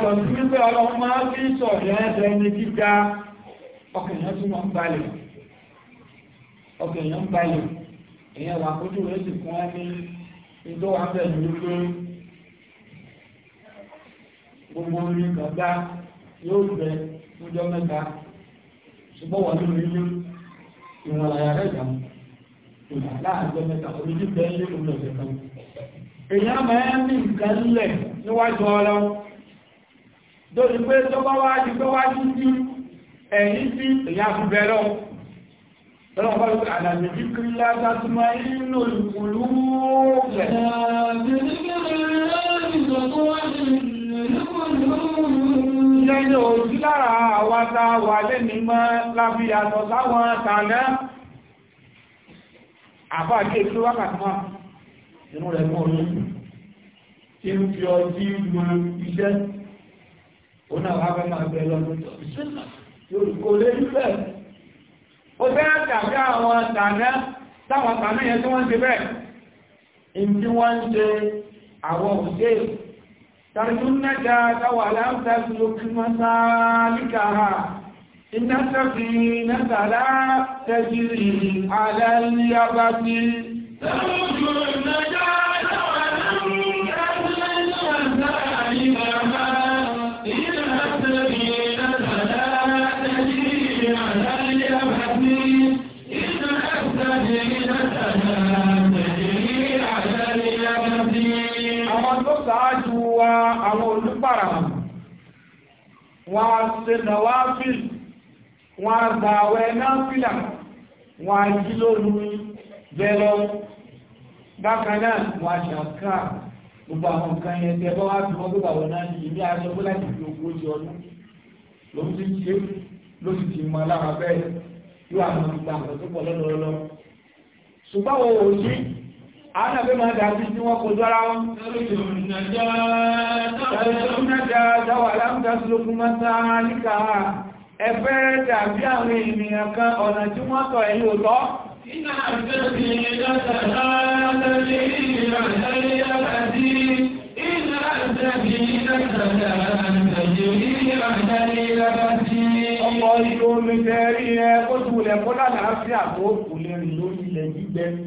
yàtọ̀ sí wípé ọlọ́run máa fi sọ̀rọ̀ ẹ̀ẹ́dẹ̀ ní gíga ọkẹ̀yàn tún máa balẹ̀ ọkẹ̀yàn balẹ̀ èèyàn wà kójú rẹ̀ sì kún á ìjọ wà bẹ̀ ní wípé gbogbo orí gbàgbá yóò bẹ lójọ́ mẹ́ta ṣùgbọ́n wà nínú ilé ìwọ̀n àyà rẹ̀ dàmú ìgbà láàájọ́ mẹ́ta orí jíjẹ́ ní nǹkan lẹ̀ níwájú ọlọ́run lórí pé tó bá wá di pé wá ní sí ẹ̀yìn sí èyí àfúbẹ̀ lọ lọ́wọ́ bá wípé àlàmì bí kí lágbá tó máa nínú ìpòlú rẹ̀ Ìjẹ́jẹ́ òjú lára àwátá wà lẹ́ni mọ́ lábí àtọ̀ sáwọn tàná. Àbá àti ètò wákàtí máa inú rẹ̀ mọ́ orí. Tí ń fi ọjí mọ́ iṣẹ́ òun náà wá fẹ́ máa bẹ lọ́dún tó kò lè rí bẹ́ẹ̀. ó fẹ́ àtàkà àwọn tàná táwọn ìdí wọ́n ṣe àwọn òṣè tàbí mẹ́ta táwọn aláǹtà tí ó kí wọ́n iná tẹ́fì nẹ́tàlá tẹ́jìrì alẹ́ ní abá sí. tẹ́lú ìjọ wọ́n se ṣe wa wọ́n a gba àwẹ̀ náfílà wọ́n á jí lóru bẹ̀rọ bákanáà wọ́n á gbogbo àwọn nǹkan yẹn bọ́ wá náà ní ilé aṣọ bó láti fi ogójì ọdún ló ti ṣe ló sì ti mọ yóò àwọn ìgbà ṣùgbọ́n ò àwọn àbẹ́ máa dàbí tí wọ́n kò jọra wọn ẹ̀fẹ́ dàbí àwọn ènìyàn kan ọ̀nà tí wọ́n tọ̀ èyí ò tọ́ Iná àjọ́bí lọ́tàrá lórí ìrọ̀lẹ́ àbájí, iná àjọ́bí lọ́tàrá lórí ìrọ̀lẹ́ àbájí. Ọmọ ìlú omi tẹ́rí ẹ, ó túnlẹ̀ kó lánàá sí àbó òkú lórí ilẹ̀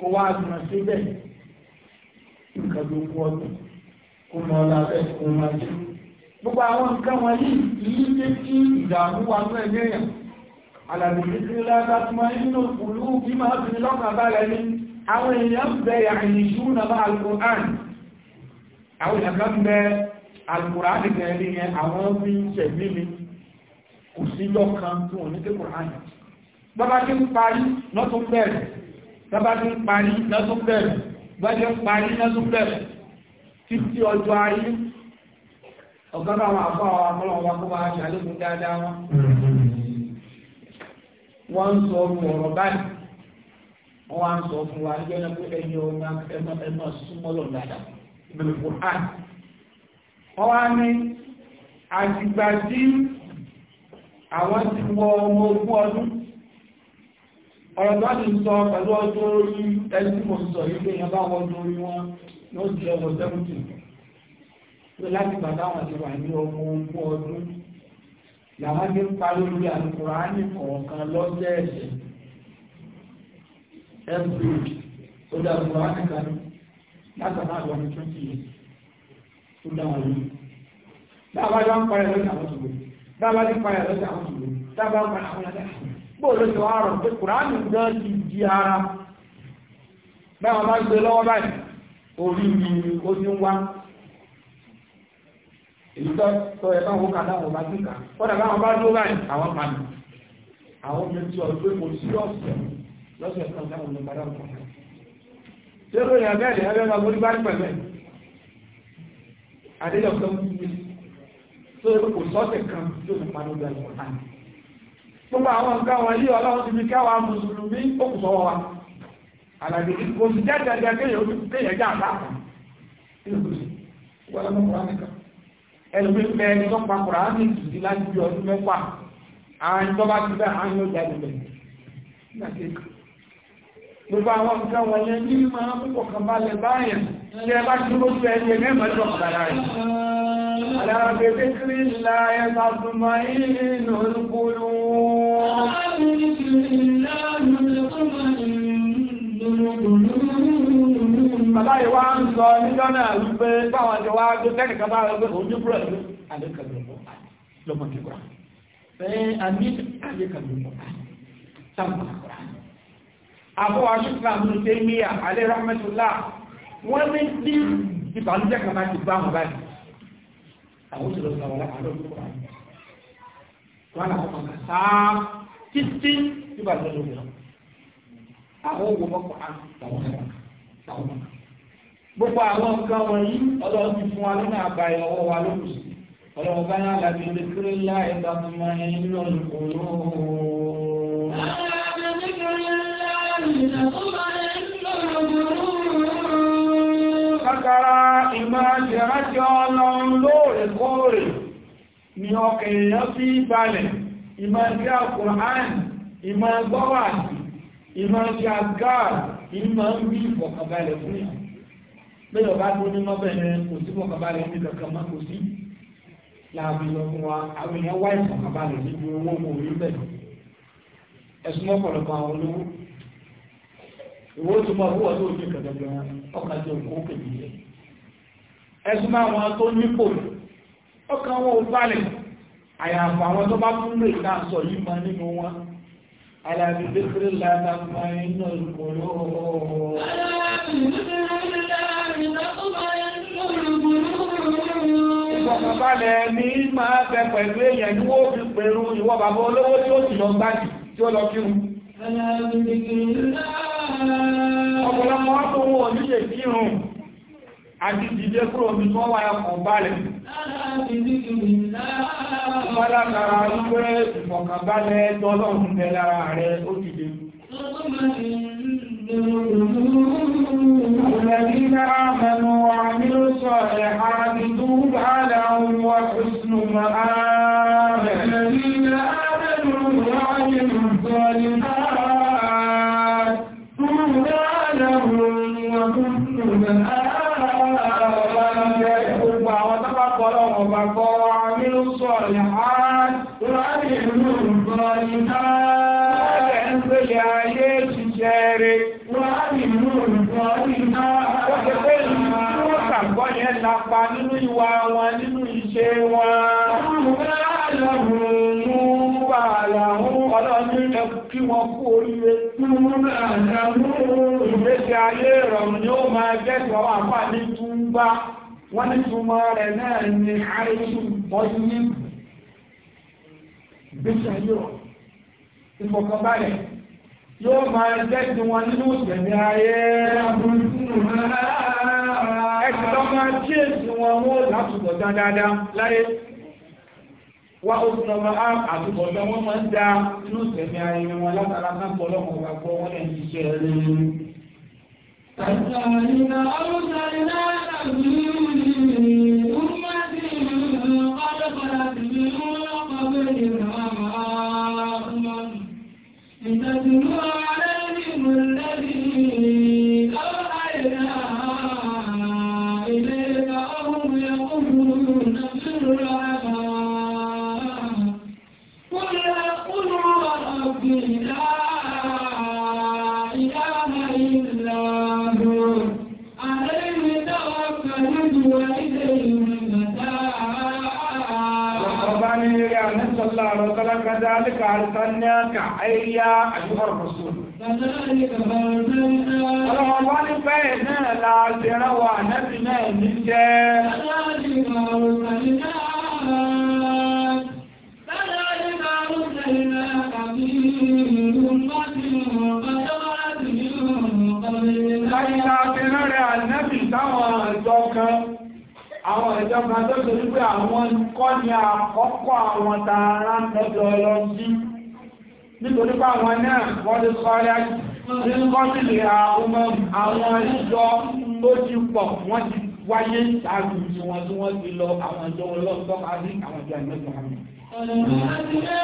kó wá gbọ́n síbẹ̀ nǹkan tó kú ọdún kó mọ lábẹ́ kó máa jẹ́ gbogbo àwọn nǹkan wọn yìí yìí jẹ́ kí ìdààmú wa ní ẹgbẹ́ èèyàn alàbí títí lára tó máa nínú òkúlú bí máa fi lọ́kàn balẹ̀ ní àwọn èèyàn bẹ àìyíṣú na bá alkùnrán àwọn èèyàn kan bẹ alkùnrán gẹ̀ẹ́ ní àwọn bí ń ṣẹ̀mí mi kò sí lọ́kàn tó ní kékùnrán bàbá kí ń parí lọ́tún bẹ̀rẹ̀ sábà ti ń parí lọ́dún bẹ̀rẹ̀ bá jẹ́ ń parí lọ́dún bẹ̀rẹ̀ títí ọjọ́ ayé ọ̀gá bá wọn àbọ̀ àwọn akọ́lọ̀ wa kó máa ṣàlékún dáadáa wọn. wọ́n ń sọ ọ̀rọ̀ ọ̀rọ̀ báyìí wọ́n wá ń sọ fún wa ẹgbẹ́ náà pé ẹ̀yin ọ̀nà ẹ̀mọ́ ẹ̀mọ́ súnmọ́ lọ dáadáa bẹ̀rẹ̀ fún àn. wọ́n wá ní àtìgbà tí àwọn ti wọ ọmọ ogún ọdún ọ̀rọ̀ bá ní sọ pẹ̀lú ọjọ́ orí ẹni tí mo sọ yìí lèyàn bá wọn lórí wọn yóò jẹ́ ọmọ 17 pé láti bàbá wọn ti wà ní ọmọ ogún ọdún làwọn ti ń parí orí àlùkùránì kọ̀ọ̀kan lọ́jọ́ ẹ̀sẹ̀ ẹ̀bùrù orí àlùkùránì kan látàbá àwọn ọmọ 20 years tó dáwọn lórí dábàá jọ ń parí ẹ̀lọ́jà àwọn ṣùgbọ́n dábàá ti parí ẹ̀lọ́jà àwọn ṣùgbọ́n dábàá ń parí àwọn ẹ̀lọ́jà àwọn bóòlù ti wá rọ̀ pé kùránì gan ti di ara báwọn bá gbé lọ́wọ́ báyìí orí mi ó ti ń wá èyí tó sọ ẹ̀ báwọn kà láwọn bá ti kà kọ́dà báwọn bá dúró báyìí àwọn pa mi àwọn mi ti ọ̀rọ̀ pé mo sí ọ̀sẹ̀ lọ́sẹ̀ kan láwọn mi padà kọ̀ ṣé ó yàn bẹ́ẹ̀ lẹ́yìn ẹgbẹ́ ọmọ orí bá ń pẹ̀lẹ́ adéyọ̀ kan tó kò sọ́ọ̀tẹ̀ kan tó ti parí ọjà ìwọ̀n náà gbogbo àwọn nǹkan wọn ilé ọlọ́run ti fi káwàá mùsùlùmí ó kù sọ́wọ́ wa àlàyé kò sí jẹ́ jẹ́ kéèyàn kéèyàn já àbá ẹlùmí pẹ́ ẹni tó pa kùránì ìdí láti bí ọdún mẹ́fà àwọn tó bá ti bẹ́ àwọn yóò jáde bẹ̀ gbogbo àwọn nǹkan wọ̀nyẹ ní máa ń púpọ̀ kan bá lẹ báyẹ̀ tí ẹ bá dúró sí ẹni ẹgbẹ́ mẹ́jọ kàdàrà rẹ̀ alára bèbè kìrìsìlá ẹ bá túnmọ̀ ìrìnà olúkúlùú Bàbá ìwá ń sọ níjọ́ náà wípé báwọn ti wá gbé tẹ́nìkan bá rẹ̀ pé ojú búrọ̀ ìlú àdékàlùmọ̀ lọ́mọdé wà. Ẹ́ àmì àdékàlùmọ̀ sáàmù àkọ́rà. Àbúwà ṣùgbà mú tẹ́ ní àlẹ́ rahmatullah wọ́n ní tí ìbànújẹ́ kan láti bá wọn báyìí. Àwọn òṣèlú sọ̀rọ̀ láàárọ̀ títí tí bàtà lórí lọ àwọn owó mọ́kàn á tàwọn náà tàwọn náà gbogbo àwọn nǹkan wọ̀nyí ọlọ́run ti fún wa lọ́nà àbáyọ ọwọ́ wa lókùn sí ọlọ́run bá yàrá bí lẹ́kẹ́rẹ́ láì bá fún wa ẹni lọ́nà olóòó. ààrẹ lẹ́kẹ́rẹ́ láì bá fún wa ẹni lọ́nà lóòrèkóòrè ni ọkàn fi balẹ̀ ìmọ̀ sí àkùnrán ìmọ̀ gbọ́wàtí ìmọ̀ sí àgáàrì ìmọ̀ ń bí ìfọ̀kànbalẹ̀ fún yàn bẹ́ẹ̀ ọba tó ní mọ́bẹ̀rẹ̀ kò sí ìfọ̀kànbalẹ̀ ní kankan mọ́ kò sí láàbí lọ fún wa àwọn èèyàn wá ìfọ̀kànbalẹ̀ níbi owó wọn ò rí bẹ́ẹ̀ ẹ̀sùn ọ̀pọ̀lọpọ̀ àwọn olówó ìwó tó máa wúwọ́ tó ní kẹ̀kẹ́ ọkà jẹ́ òkú kèjì ẹ̀sùn àwọn tó nípò ọkàn wọn ò balẹ̀ àyàfà àwọn tó bá tún lè ká sọ yìí ma nínú wọn alábìdé kiri láta ma iná ìgbòrò ìgbọ̀kànbalẹ̀ ní máa bẹ pẹ̀lú èèyàn ní wó fi pẹ̀lú ìwọ bàbá olówó tí ó sì lọ gbájì tí ó lọ kírun ọ̀pọ̀lọpọ̀ ọdún wọn ò ní lè kírun àti ìdílé kúrò ní wọ́n wáyé kan balẹ̀. Ìfọ́lágbára wípé ìfọ̀kànbalẹ̀ tọ́lọ́run tẹ lára rẹ̀ ó dìde. الذين آمنوا وعملوا الصالحات طوبى لهم وحسن مآب الذين آمنوا وعملوا الصالحات طوبى لهم وحسن مآب وعملوا الصالحات وأدخلهم الظالمات وأدخل عليه الشارك وأدخلهم الظالمات Ìgbọ́n yẹn lápa nínú ìwà wọn nínú ìṣe wọn. Àwọn ọmọ aláhùn ọlọ́dún ẹkùkí wọn kú oríire. Ìgbésí ayé ìrọ̀rùn ni ó máa jẹ́ ìwọ̀n àpá ní túnbá wọ́n ní túnmọ́ rẹ̀ náà ní àìsù bọ́dúnmí gbèsè yóò ìfọ̀kànbalẹ̀ yóò máa jẹ́ ti wọn nínú ìgbẹ̀mí ayé ẹ̀sìn lọ́mọ tí èsì wọn wọ́n látùbọ̀ dán dáadáa láyé wá ó tún ọmọ àtùbọ̀ dán wọ́n máa ń da inú ìgbẹ̀mí ayé wọn látara náà pọ̀ lọ́mọ wà gbọ́ wọ́n lè ń ṣiṣẹ́ rẹ̀. Àtàrí na ọlọ́sàrí náà كذلك أرسلناك أي أيها الرسول Ọlọ́run wá ní bẹ́ẹ̀ náà la ṣe rán wa nẹ́bí náà ní jẹ́. àwọn ìjọba tó ṣe wípé àwọn kọ́ ni àkọ́kọ́ àwọn tààrà lọ́dọ̀ lọ sí nítorí pé àwọn náà wọ́n ti sọ ẹ́ nínú kọ́sìlì àwọn ìjọ tó ti pọ̀ wọ́n ti wáyé sáàrù tí wọ́n tí wọ́n ti lọ àwọn ìjọ ọlọ́tọ́ àbí àwọn ìjọ ìmẹ́jọ àmì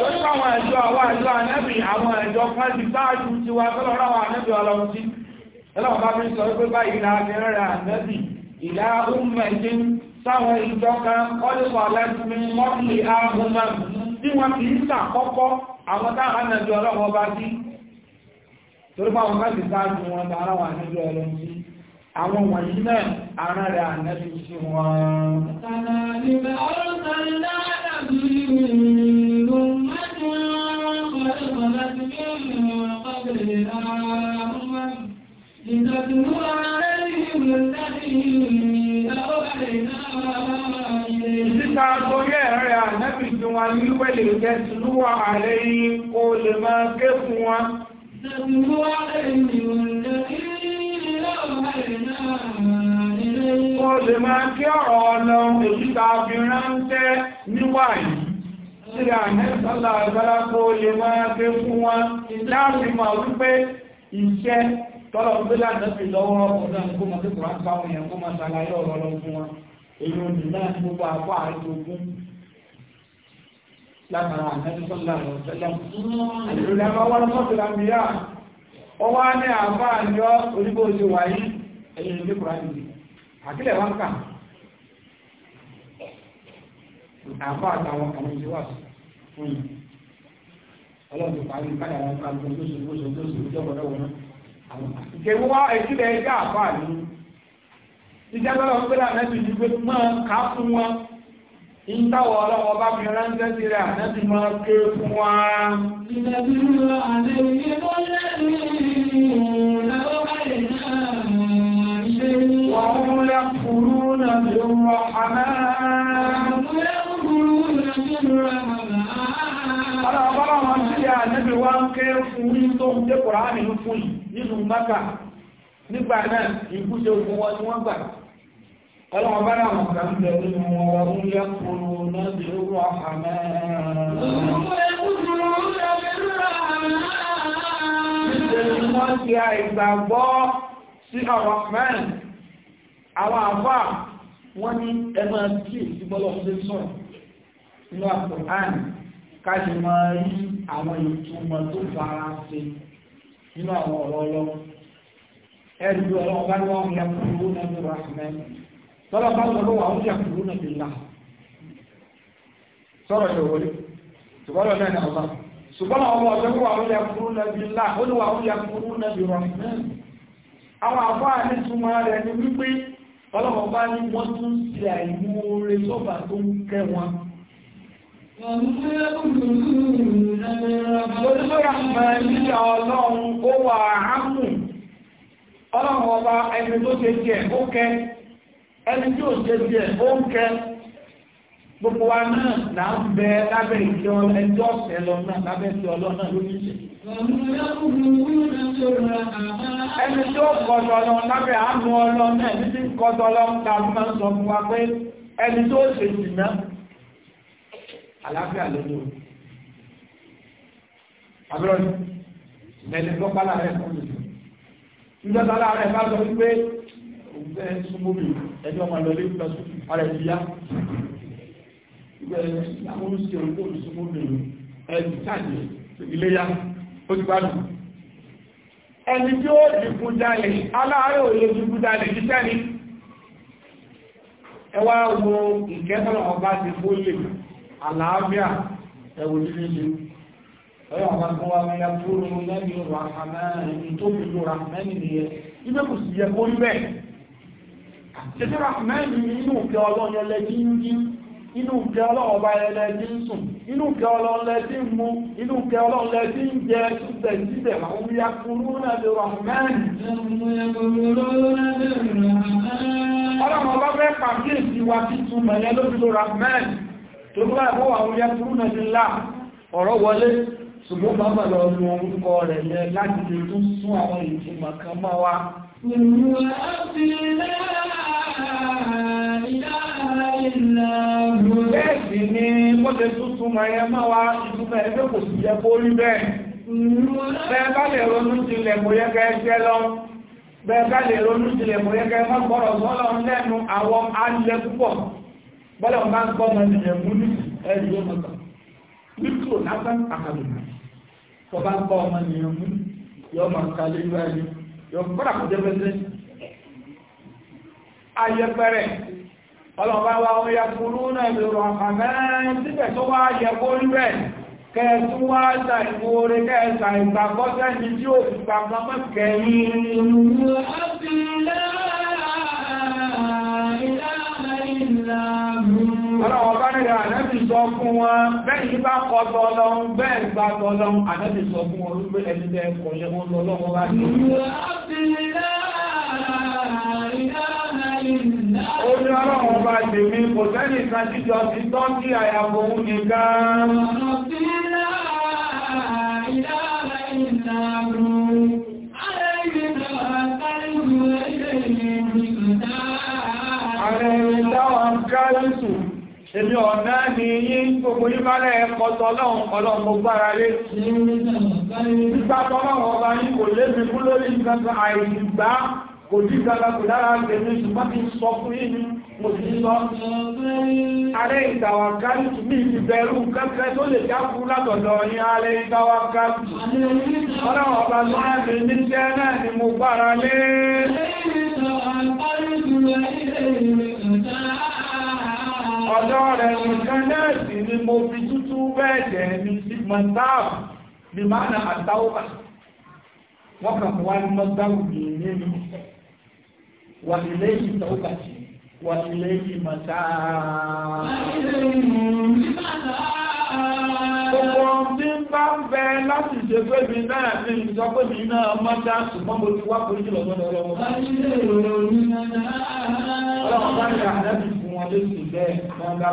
lórí àwọn ìjọ àwọn ìjọ ànẹ́bì àwọn ìjọ kan ti sáàrù tí wọ́n tọ́lọ́ ráwọ̀ ànẹ́bì ọlọ́run sí ẹlọ́wọ́ bá fi sọ wípé báyìí láàrin rẹ̀ ànẹ́bì ìlà ó mẹ́jẹ́ sáwọn ìjọ kan ọdíkọ̀ aláìsí mọ́tìlì tí wọ́n fi ń sàkọ́kọ́ àwọn táwọn àjọ ọlọ́wọ́ bá sí torí bá bá wọn bá ara wọn sí àwọn wọ̀nyí náà ara rẹ̀ ànẹ́bí sí wọn Títa torí ẹ̀rẹ́ ànẹ́bì tí wọn ní wẹ́lẹ̀ jẹ́ ti lúwà ààrẹ yìí kó lè máa ké fún wọn. Kó lè máa ké ọ̀rọ̀ ọ̀nà èyíta fi ránṣẹ́ níwà yìí. Tíra ànẹ́sọ́lá àgbára kó lè máa ké fún wọn láti mọ̀ wípé iṣẹ́ tọ́lọ̀ ń gbé láti lọ́wọ́ ọ̀dọ́ àti kó mọ̀ sí èyí òní náà gbogbo àpò àìsògùn látara àmẹ́sí sọ́lá ọ̀sẹ̀lẹ̀ àìlúlẹ̀ àbáwọ́ lọ́sọ̀tìlá mìíyà ó wá ní àbá àjọ onígbò ti wà yí ẹ̀yìn ìlú kùránì àkílẹ̀ wá ń kà àbá àtàwọn kàmí ti wà fún ìjẹ́bẹ̀rẹ̀ ọ̀pẹ́lẹ̀ àmẹ́bì ní pé máa ká fún wọn ń táwọ̀ ọlọ́wọ́ bá fi ránṣẹ́ sí rẹ̀ àmẹ́bì máa ké fún wa. ìdàbí àlẹ́ ìyẹ́ tó lẹ́yìn lọ́wọ́ báyìí náà ṣe ní. wọ́n mú lẹ́kùrú náà bí wọ́n àmẹ́. Ọlọ́pàá wọn sí ànẹ́bí wá ń ké fún ní tó ń dé Kùránì fún yìí nínú Mákà nígbà náà ìbúṣe ogun wọn ni wọ́n gbà ọlọ́wọ́n bá náà mọ̀ká ń bẹ̀rù ní wọn ń yá kúrò náà bí ó wà hàmẹ́. Ṣé ni wọ́n ti àìgbàgbọ́ sí ọ̀rọ̀ mẹ́rin? Àwọn àfà rí àwọn ìtumọ̀ tó fara ṣe nínú àwọn ọ̀rọ̀ ọlọ́run. Ẹ̀rù ọlọ́wọ́n bá ní wọ́n ń yá kúrò náà bí ó wà tọ́lá bá sọ lọ́wọ́ àwọn ìyàkùrú náà bìlá sọ́rọ̀ ìwòrí ṣùgbọ́n ọba ṣùgbọ́n àwọn ọ̀dọ́ wà àwọn ìyàkùrú náà bìlá ó ní wà àwọn ìyàkùrú náà bìrọ̀ àwọn rẹ̀ ní wípé bá ní wọ́n tún sọ́fà tó ń kẹ́ wọn ọlọ́run ọba ẹni tó ṣe jẹ́ ó kẹ́ ẹni tí ó jẹ́ bí ẹ̀ ó ń kẹ́ gbogbo wa náà là ń bẹ lábẹ́ ìjọ ẹjọ́ ọ̀sẹ̀ lọ náà lábẹ́ ti ọlọ́nà lórí ìṣẹ̀ ẹni tí ó kọjọ lọ lábẹ́ àánú ọlọ́nà ẹni tí kọjọ lọ ń ta máa ń sọ fún wa pé ẹni tó ṣe jìnnà àlàáfíà lójú àbúrò ẹni tó pálá rẹ̀ fún mi ìjọba láàárẹ̀ bá sọ wípé ìfẹ́ súnmọ́bì ẹjọ́ máa lọ lẹ́yìn lọ́sùn ara ẹ̀fì yá ìgbẹ́ àwọn oṣù òkú olùsúnmọ́bì ẹ̀fì káàdì iléyá ó ti gbádùn ẹni tí ó dìkún jalè aláàárẹ̀ òye dìkún wo ìkẹ́sọ̀rọ̀ ọba ti kó lè àlàáfíà nílé lẹ́yìn àmẹ́rin tó fi lóra mẹ́rin nìyẹn sì yẹ kó bẹ́ẹ̀ ṣeṣe rahman inú ìfẹ́ ọlọ́run ẹlẹ́dí ń dí inú ìfẹ́ ọlọ́run ọba ẹlẹ́dí ń sùn inú ìfẹ́ ọlọ́run lẹ́dí ń mu inú ìfẹ́ ọlọ́run lẹ́dí ń jẹ ṣùgbẹ̀ síbẹ̀ àwọn ọ̀rọ̀ wọlé ṣùgbọ́n bàbá lọ lu orúkọ rẹ̀ yẹ láti lè tún sún àwọn ìtumọ̀ kan mọ́ wa bẹ́ẹ̀ sì ni wọ́n ṣe tuntun mọ̀ ẹ máa wá ìtumọ̀ ẹgbẹ́ kò sì yẹ kó rí bẹ́ẹ̀ bẹ́ẹ̀ bá lè ronú jinlẹ̀ kò yẹ kẹ́ jẹ́ lọ bẹ́ẹ̀ bá lè ronú jinlẹ̀ kò yẹ kẹ́ má gbọ́rọ̀ sọ́lọ́ lẹ́nu àwọn alẹ́ púpọ̀ bọ́lọ̀ máa ń gbọ́ ọmọ ìjìnlẹ̀ mú ní ẹ̀rí ọmọ kan nítorí lásán àkàlùmọ̀ tó bá ń gbọ́ ọmọ ìjìnlẹ̀ mú yọ ọmọ kalẹ̀ ìwé ẹ̀rí yọ kọ́dà kò jẹ́ pẹ́sẹ́ ọlọ́ọ̀bá wa wọ́n ya kúrú náà lè rọ̀ àmẹ́ síbẹ̀ tó wá yẹ kó rí bẹ̀ kẹtù wá ta ìwòrè kẹta ìgbàgbọ́sẹ̀ ní tí ó fi gbàgbọ́ mọ́ kẹrin ọlọ́ọ̀bá nílẹ̀ ànẹ́bì sọ fún wọn bẹ́ẹ̀ bá kọ́ tọ́lọ́un bẹ́ẹ̀ bá tọ́lọ́un ànẹ́bì sọ fún wọn lórí ẹni tẹ́ kọ̀ọ̀yẹ́ wọn lọ́lọ́wọ́ bá ní ó ní ọlọ́run bá tèmi kò sẹ́nì kan jíjọ ti tọ́ sí àyàbò òun nìkan Èmi ọ̀nà ni yín gbogbo yí bá lẹ́ ẹ̀kọ́tọ̀ ọlọ́run ọlọ́run mo gbára lé. Ìgbàtọ̀ ọlọ́run ọba yí kò lé mi kú lórí ìgbàtọ̀ àìsìgbà kò ní ìgbàgbàgbà lára gẹ̀ẹ́lú ṣùgbọ́n ti sọ fún ìní mo ti lọ ààrẹ ìtàwàkálù mi ti bẹ̀rù kẹ́kẹ́ tó lè jákú látọ̀dọ̀ ní ààrẹ ìtàwàkálù ọlọ́wọ̀ ọba láàrin ní jẹ́ náà ni mo gbára lé ọjọ́ rẹ̀ nìkan náà sì ni mo fi tútú bẹ́ẹ̀dẹ̀ ní sigmantáàbù bí máa na àtàwọ̀ wọ́n kàn wá ní mọ́tàwù ní ìlú wà ilé yìí tó kà sí wà ilé yìí mà tá a. gbogbo tí ń bá ń bẹ láti ṣe pé mi náà ní ìsọ pé mi náà má dá ṣùgbọ́n mo ti wá pẹ̀lú ìlọ lọ́dọ̀ ọlọ́wọ́. ọlọ́wọ́ bá yà lẹ́bi fún wọn lóṣù bẹ́ẹ̀ ti gbà kò tí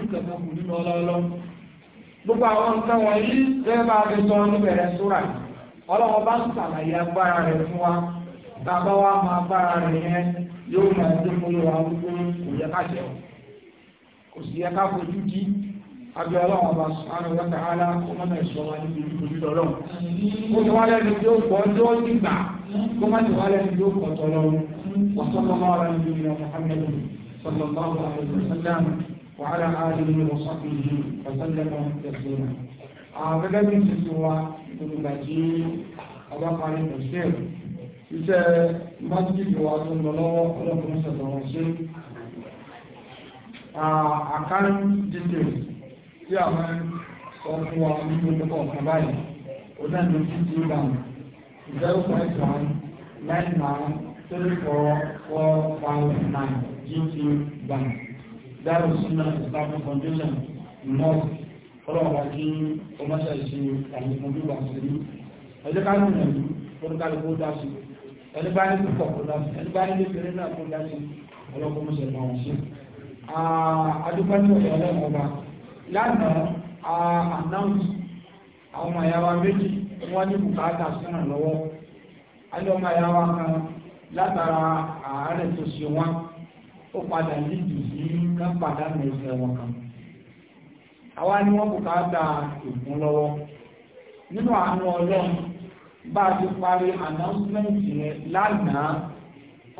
nǹkan kan kù nínú ọlọ́ọ̀lọ́ gbogbo àwọn nǹkan wọ̀nyí lẹ́ẹ̀ bá a fi sọ níbẹ̀rẹ̀ bàbá wa máa bára rẹ̀ yẹn yóò máa dé fún yóò wá wípé kò yẹ ká jẹ́ o kò sì yẹ ká fojú di abẹ́ ọlọ́run ọba sùnmọ́nù wọ́tà hálà kó mọ́nà ìṣọ́ wa níbi ìbòjú lọ́lọ́run kó ti wá lẹ́nu tí ó gbọ́ tó dìgbà kó má ti wá lẹ́nu tí ó kọ̀ tọ́ lọ́run wàsọ́kọ́ máa rẹ̀ níbi ìrìn Muhammadu sallallahu alaihi wasallam wa ala alihi wa sahbihi wa sallam taslima àwọn gẹ́gẹ́ bí ti wa gbogbo gbàjí ọba parí tẹ̀síẹ̀rù iṣẹ́ májíkì wa tó lọ lọ́wọ́ ọlọ́pùn ṣẹ̀tọ̀ wọn ṣe àkárí details tí a máa sọ fún wa ní gbogbo ọ̀kan báyìí ó náà ní sí tí ó dà mí zero point one nine nine three four four five nine gt bank ẹni bá ní púpọ̀ kó dá sí ẹni bá ní kékeré náà kó dá sí ọlọ́kùnrin mọ́sẹ̀ máa wọ́n sí. adúpẹ́ ní ọ̀yọ́ ọlọ́run ọba lánàá announce àwọn ọmọ ìyá wa méjì wọ́n ní bùkátà sínú lọ́wọ́ alẹ́ ọmọ ìyá wa kan látara àárẹ̀ tó ṣe wọ́n ó padà nídìí sí kán pàdánù ẹsẹ̀ wọn kan àwa ni wọ́n bùkátà ìgún lọ́wọ́ nínú àánú ọlọ́run bá a ti parí announcement yẹn lánàá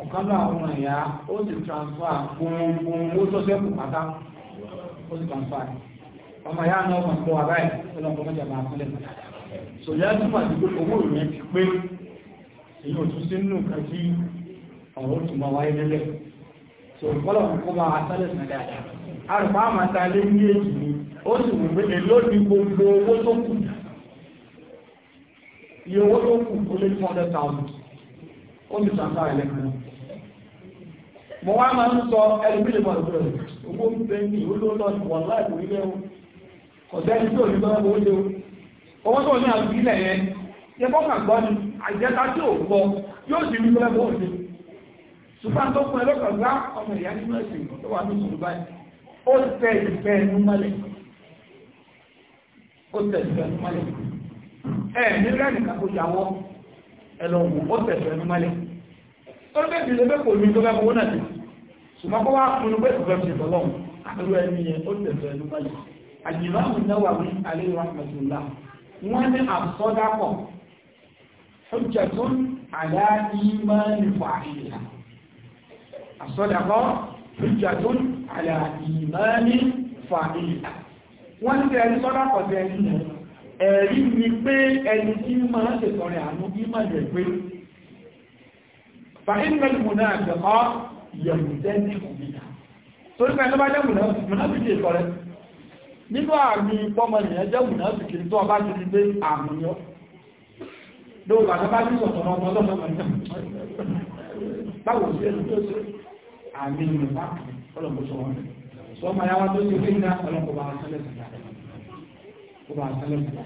ọ̀kan náà àwọn ẹ̀yà ó sì transfer gbogbo owó tó sẹ́kù pátá ó sì transfer ọmọ ìyá náà ọmọ ìpọ̀ àbáyé ọlọ́pọ̀ mẹ́jọ máa fúnlẹ̀ sòyá tó wà pé owó ìrìn ti pé èyí ò tún sí nínú nǹkan tí ọ̀rọ̀ tó máa wáyé máa sí àmàta lé iye owó tó kù ó lé two hundred thousand ó ní transfer ẹlẹ́kan mo wá máa ń sọ ẹlòmílẹ̀ mọ̀ lọ́dọ̀ rẹ̀ owó ń bẹ ní ìwé lọ́dọ̀ wọ̀n láì kò nílé o kò sẹ́ni tí ò ní lọ́wọ́ owó lé o owó tó ní àbí ilẹ̀ yẹn yẹ kó kà gbọ́ ni àjẹta tí ò gbọ́ yóò sì rí lọ́wọ́ bó ṣe ṣùgbọ́n tó fún ẹ lọ́kàn gbá ọmọ ìyá nínú ẹ̀sìn tó wà ní ìṣòro báyìí ó tẹ ìfẹ́ ẹnu mọ́lẹ̀ ó tẹ ìfẹ́ ẹnu mọ́lẹ̀ ẹ̀ nílẹ̀ nìkan kò yàwọ́ ẹlọ́wọ̀ ó tẹ̀sẹ̀ ẹnu mọ́lẹ̀ tó lé bí lébẹ́ kò ní tó bẹ́ kó náà ti ṣùgbọ́n kó wá pinnu pé ìfẹ́ fi tọ́lọ́ àtúrò ẹni yẹn ó tẹ̀sẹ̀ ẹnu mọ́lẹ̀ àjìmáàmù náwà ní alẹ́ rahmatulá wọ́n ní àsọdápọ̀ hujjatun ala imani fa'ila àsọdápọ̀ hujjatun ala imani fa'ila wọ́n ní tẹ̀sọ́dápọ̀ tẹ̀sí ẹ̀rí ni pé ẹni tí máa ń ṣètọrẹ àánú bí máa jẹ pé fàíńgẹ̀lì múná àjọ̀kọ́ yẹ̀mùtẹ́ ní òmìnà torí pé ẹni bá jẹ́ múná fi ṣe ìtọrẹ nínú àmì pọ́mọ nìyẹn jẹ́ múná fi kiri tó ọba ti di pé àmúyọ́ lóòrùn àtàbá ní ọ̀tọ̀nà ọmọ ọlọ́mọ báwo sí ẹni kó bá sálẹ̀ fún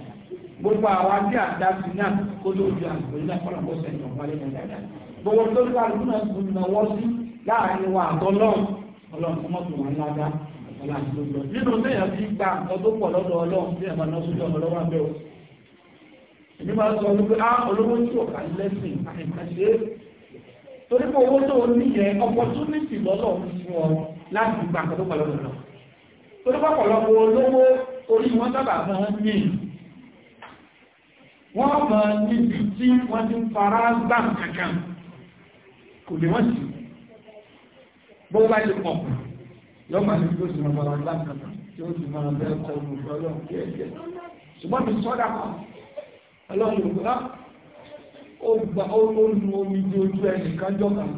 gbogbo àwọn adé àdáfi náà kó ló ju àgbẹ̀ náà kọ́nà kó sẹ́yìn ọ̀pá lẹ́yìn dáadáa gbogbo tó ń bá lùnà gbùnà wọ́n sí láàrin wa àtọ́ náà ọlọ́run kọ́ mọ́tò wọn ládàá ọlọ́run tó lọ nínú sẹ́yìn fi gba nǹkan tó pọ̀ lọ́dọ̀ ọlọ́run sí ẹ̀ma náà sójú ọmọ lọ́wọ́ abẹ́ o èmi máa sọ wípé á ah, olówó tí òkà lẹ́sìn àìmọ̀ṣe torí pé owó tó o níyẹn opportunity lọ́lọ́run fún ọ láti gba nǹkan tó pọ̀ lọ́dọ̀ lọ torí pọ̀pọ̀lọpọ̀ olówó orí wọn sábà máa ń mìí wọ́n mọ̀ níbi tí wọ́n ti ń fara gbà kankan kò lè wọ́n sí bó bá lè pọ̀ yọ́ máa ní tó sì mọ̀ fara gbà kankan tí ó sì máa bẹ́ẹ̀ kọ olùfẹ́ ọlọ́run kí ẹ̀jẹ̀ ṣùgbọ́n mi sọ́dà kan ọlọ́run olùfẹ́ ó gba olóòrùn omi di ojú ẹnì kan jọ kan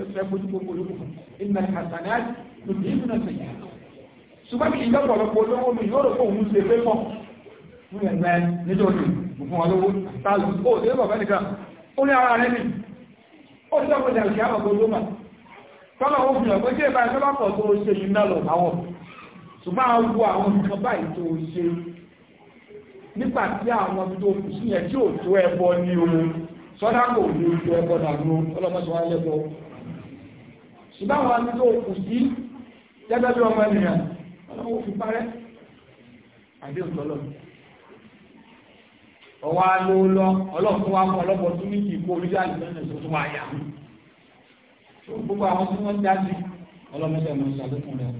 ẹgbẹ́ gbogbo olùkọ́ ìmọ̀ ìhàtàní àti ìdí ìmọ̀ ìsẹ̀yà ṣùgbọ́n kì í olówó mi yóò rò òun ṣe pépọ̀ fún ẹgbẹ́ nítorí fún ọlọ́wọ́ tààlù ó ṣe bàbá nìkan ó ní ara rẹ̀ nì ó ṣe ọkọ̀ ìdàgbé àwọn ọkọ̀ olóma tọ́lọ̀ ó fi hàn pé jẹ́ ìbáyé tọ́lọ̀ pọ̀ tó ṣe yìí náà ṣùgbọ́n àwọn wo àwọn sí yẹn tí ò tó ohun sọ́dá kò ní ojú ẹbọ dàgbò ọlọ́mọṣọ́ wa ṣùgbọ́n àwọn tó ọlọ́wọ́ fi parẹ́ àbí òtọ́lọ́ ọwọ́ ló lọ ọlọ́run tó wá fún ọlọ́pọ̀ tó ní kí ikú orí àlè lọ́nà tó tó wá yà mí gbogbo àwọn tí wọ́n dá sí ọlọ́mọdé ọmọ ìṣàlùkùn rẹ̀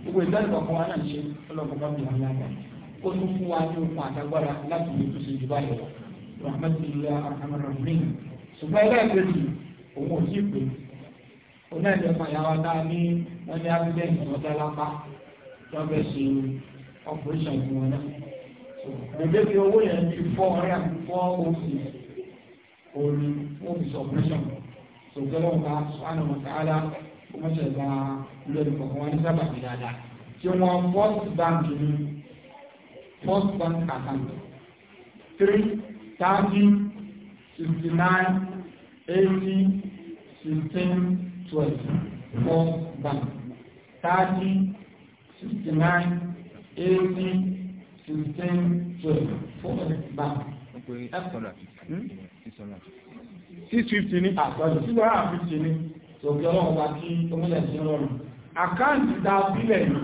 gbogbo ìdájọ́ kọ̀ọ̀kan wa náà ṣe ọlọ́pọ̀ bá mi àwọn yàgbà ó tún fún wa ní okun àtagbára láti lè tún ṣe jù báyìí lọ rahmatulahi alhamdulilayi ṣùgbọ́n ẹlẹ́ẹ̀kejì òun ò sí pé onáìjọba yàrá náà ní wọ́n ní abúlé ìṣọ̀dá lápá tí wọ́n fẹ́ ṣe operation fún wọn náà gbèdé bí owó yẹn ti fọ́ ọ̀rẹ́ àti fọ́ oṣù orí wọ́n fi ṣe operation sọ̀tẹ́lẹ̀ wọn bá sọ́nà wọn sáálá kó mọ̀ ṣẹ̀ bá lórí kọ̀ọ̀kan wọn ní sábà fi dáadáa tí wọ́n first bank ní first bank account three thirty sixty nine eighty sixteen twelve four bank thirty sixty nine eighty sixteen twelve four minutes back. six fifty ní àtọ́jú ah, six hundred and fifty ní òkè ọlọ́run bá kí omílẹ̀ sí rọrùn. àkáǹtì tá a bílẹ̀ yìí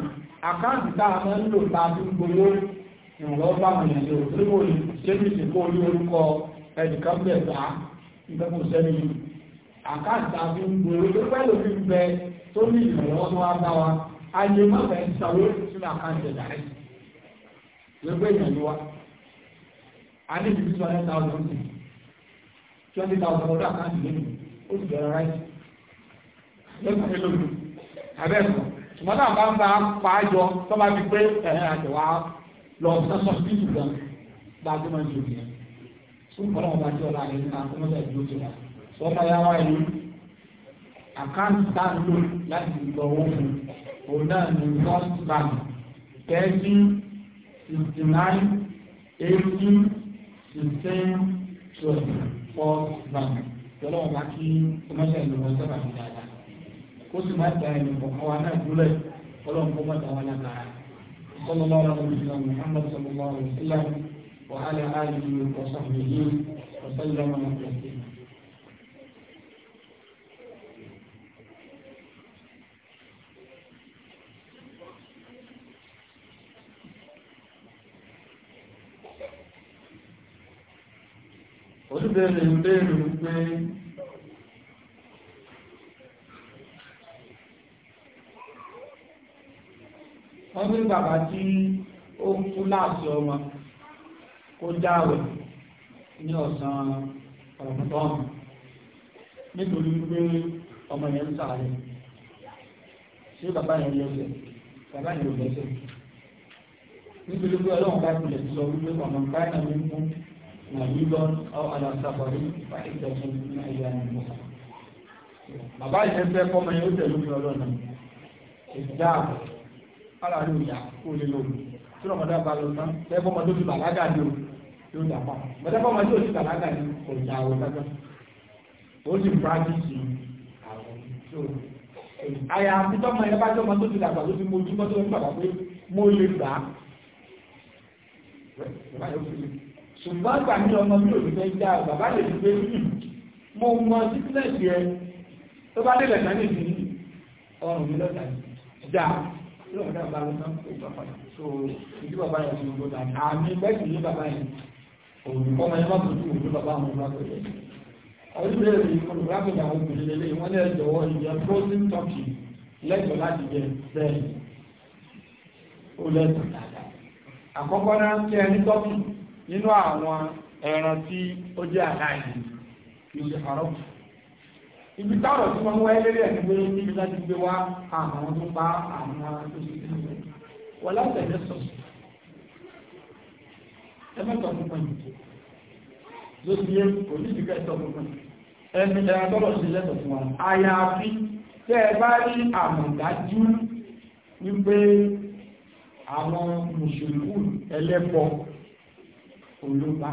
àkáǹtì tá a máa ń lò tá a fi ń gbowó ìrànlọ́wọ́ bá wọn yẹn lò tí mo lè ṣe ní ìsìnkú orí orúkọ ẹnìkan bẹ̀ bá ìgbẹ́kù sẹ́ni yìí àkáǹtì tá a fi ń gbowó tó pẹ́ lómi bẹ tó ní ìrànlọ́wọ́ tó wá bá wa ayé má fẹ́ sàwé sínú àkáǹtì ẹ̀dá rẹ̀ gbogbo èèyàn ló wá a ní ìdíjú sọ ẹ̀ táwọn ọdún twenty thousand ọdún àkáǹtì lẹ́nu ó sì bẹ̀rẹ̀ ráì lẹ́nu ẹ̀ lónìí abẹ́ẹ̀kọ́ ṣùgbọ́n náà bá ń bá pàájọ tó bá fi pé ẹ̀rẹ́ àtẹ̀wá lọ sọ́sọ́ sí ìgbà bá tó máa ń jòkè fún ọlọ́run bá tí ọlá rẹ̀ ní àkọ́mọ́tà ìdúró tó wà sọ́mọ́ yàrá ìlú àkáǹtì tá a lò láti gbọ́ owó fún òun náà ní first bank thirty sixty nine eighty sixteen twelve first bank tọ́lọ́wọ́ bá kí ọmọọṣẹ́ ìlú wọn sábà ní dáadáa kó sì má da ẹni kọ̀ọ̀kan wa náà dúlẹ̀ ọlọ́run kó má da wọn lágbára. صلى الله على نبينا محمد صلى الله عليه وسلم وعلى اله وصحبه وسلم تسليما oníbẹ̀rẹ̀ ìbẹ̀rẹ̀ wípé wọ́n ní bàbá tí ó ń kú láàṣì ọmọ kó dáwẹ̀ ní ọ̀sán ọ̀rọ̀mọ̀tọ́mù nítorí wípé ọmọ yẹn ń sàárè sí bàbá yẹn lẹ́sẹ̀ bàbá yẹn ò lẹ́sẹ̀ nítorí wípé ọlọ́run bá kulẹ̀ sọ wípé ọmọ nǹkan ẹ̀nà mi mú مريضا أو على سفر فعدة من أيام أخرى bàbá ìṣẹ́fẹ́ kọ́mọ yóò tẹ̀lú ní ọlọ́nà ìdáà aláàrin ìyà kó lè lóòrùn tí ọmọdé bá lọ tán tẹ́fọ́mọ tó fi bàlágà ní o yóò dàpá mọ̀tẹ́fọ́mọ tó fi bàlágà ní ọjà àwọn ọ̀gágá ó sì pàdísì àwọn tó àyà àfitọ́mọ ẹ bá tọ́mọ tó fi dàgbà tó fi mojú mọ́tò ń bàbá pé mo lè gbà á ṣùgbọ́n àgbà ní ọmọ mi ò ní fẹ́ dá bàbá lè fi gbé mo mọ sípínẹ̀sì ẹ tó bá délẹ̀ náà nìdí ọrùn mi lọ́ta dá lọ́ọ̀dá bá lọ́ta ó gbà padà so ìdí bàbá yẹn ti gbogbo dà àmì bẹ́ẹ̀sì ní bàbá yẹn òyìnbó ọmọ yẹn má tó tó òyìnbó bàbá àwọn ọmọ akọ̀yẹ ọdún lè rí olùrápẹ̀dà àwọn obìnrin lélẹ̀ wọ́n lè jọ̀wọ́ ìyẹn frozen turkey lẹ́tọ̀ọ́ láti jẹ bẹ́ẹ̀ ó lẹ́tọ̀ọ́ àkọ́kọ́ náà kí ẹni turkey nínú àwọn ẹran tí ó jẹ́ àláàyè ní oṣù àárọ̀ ibi táwọn tí wọ́n wáyé lórí ẹ̀sìn pé níbi láti gbé wá àwọn tó pa àwọn oṣù tí wọ́n láti ẹ̀jẹ̀ sọ ẹ mẹ́tọ̀ fún pẹ̀lú lóṣù yẹn kò ní ìdíkẹ́ ẹ̀tọ́ fún pẹ̀lú ẹni ẹran tọ́lọ̀ sí lẹ́tọ̀ fún wọn àyàfi tẹ́ ẹ bá rí àmọ̀dájú wípé àwọn mùsùlùmí ẹlẹ́pọ̀ olóba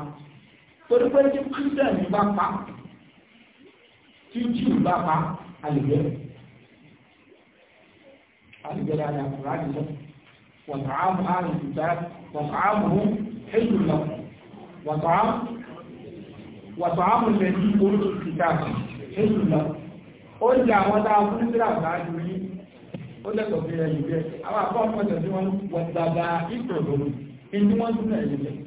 torí pé tí kírísítẹ̀nì bá pa tí jù bá pa àlùgbẹ́ àlùgbẹ́ dáadáa kùrá nìyẹn wàtàámù àrùn ìgbà wàtàámù hẹ́jù lọ wàtàámù lẹ́yìn orúkọ ìgbà hẹ́jù lọ ó jẹ àwọn tá a fún síra báyìí ní ó lẹ́tọ̀ọ́ fi ẹ̀yìn bẹ́ẹ̀ àwọn akọ́ ọmọ ndị wọn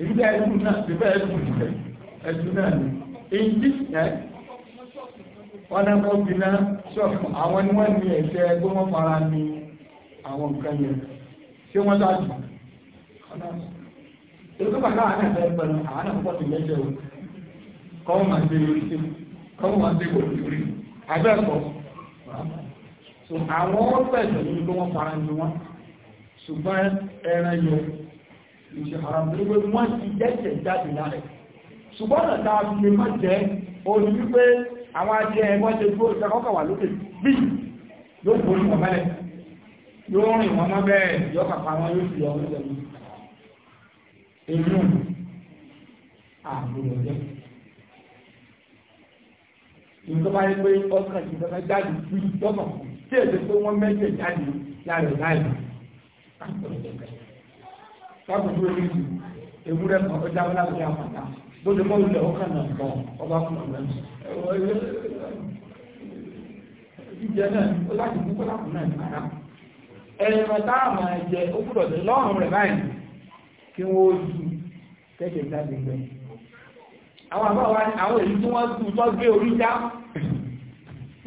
èyí bí ẹ̀dùn náà ti bẹ́ẹ̀ ẹ̀dùn ìfẹ́ ẹ̀dùn náà ni èyí tí ẹ̀ wọ́n náà kọ́ bí náà ṣọ́ọ̀fù àwọn ni wọ́n ní ẹ̀ṣẹ̀ gbọ́mọ́ fara ní àwọn nǹkan yẹn ṣé wọ́n dájú èyí tó bàtà àwọn ẹ̀fẹ́ pẹ̀lú àwọn àpapọ̀ ti lẹ́jẹ̀ o kọ́wọ́ máa ṣe lórí ṣe ṣùgbọ́n ẹran yọ kìí ṣe haram ní pé wọ́n ti dẹ́sẹ̀ jáde lára ṣùgbọ́n náà ta fi lè má jẹ́ orí wípé àwọn ajẹ́ ẹgbọ́n ṣe dúró ìṣàkọ́kọ̀ wà lókè bí yóò borí wọn mẹ́lẹ̀ yóò rìn wọn mọ́ bẹ́ẹ̀ yóò kàpá wọn yóò fi ọmọ ìjẹun inú àbúrò jẹ́ ìjọba bá yẹ pé ọkàn ti fẹ́ jáde sí ìjọba tí èdè pé wọ́n mẹ́jẹ̀ jáde láàrin láàrin àbúrò jẹ́ lábùjú omi ìlú ewúrẹ́ kan ọjà lábùjú àpàtà bó ti mọ́ ilẹ̀ ọkàn náà lọ ọba fún ọ̀rẹ́ jíjẹ náà ó láti mú kọ́lá fún náà nìyàrá ẹ̀rọ táàmù ẹ̀jẹ̀ ó gbúdọ̀ sí lọ́rùn rẹ̀ báyìí kí wọ́n ó ju kẹ́kẹ́ jáde gbẹ àwọn àbáwá àwọn èyí tí wọ́n tu tó gbé orí já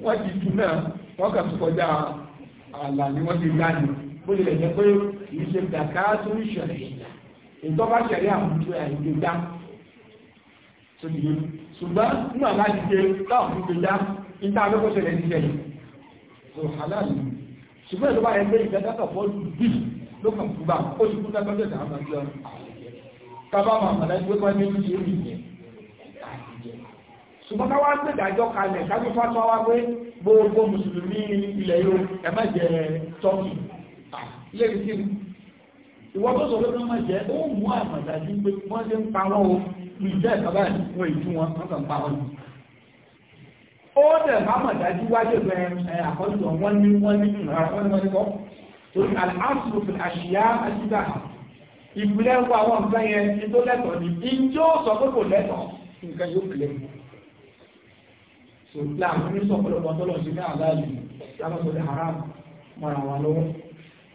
wọ́n ti tu náà wọ́n kà tó kọjá ààlà ni wọ́n ti gbá ní bó tilẹ̀ jẹ́ pé kì í ṣe gàkà sórí ìṣẹ̀lẹ̀ ìyà ètò ọba ṣẹ̀lẹ̀ àwùjọ àìjọ dá ṣùgbọ́n ní àbá ti ṣe láàbùjọ dá níta abẹ́kọ̀ ṣẹlẹ̀ ti ṣẹlẹ̀ so halali ṣùgbọ́n ìjọba rẹ̀ gbé ìfẹ́dátọ̀ fọ́ọ̀lù bí ló kàn fún bá ó ti kún dákọ́ ṣẹ̀dá àwọn àjọ kábà máa mọ̀lá ìgbé kan ní ìṣe rí ìyẹn ṣùgbọ́n ká wá ń gbé ìdájọ́ kalẹ̀ ká tó fásọ wá pé gbogbo mùsùlùmí ilẹ̀ yóò ẹ má jẹ tọ́kì lérí sí mi ìwọ́n tó sọ máa jẹ́ ó mú àmàdájú pé wọ́n ṣe ń pa o ìjẹ́ ìkọ́bá ìwọ̀n ìjú wọn wọ́n kàn pa wọ́n ó dẹ̀ àmàdájú wájú ẹ̀ àkọ́jọ wọ́n ní wọ́n ní ìrànlọ́wọ́ ní wọ́n ní kọ́ torí àlásùrùfì àṣìyá àṣìdá ń wá àwọn nǹkan yẹn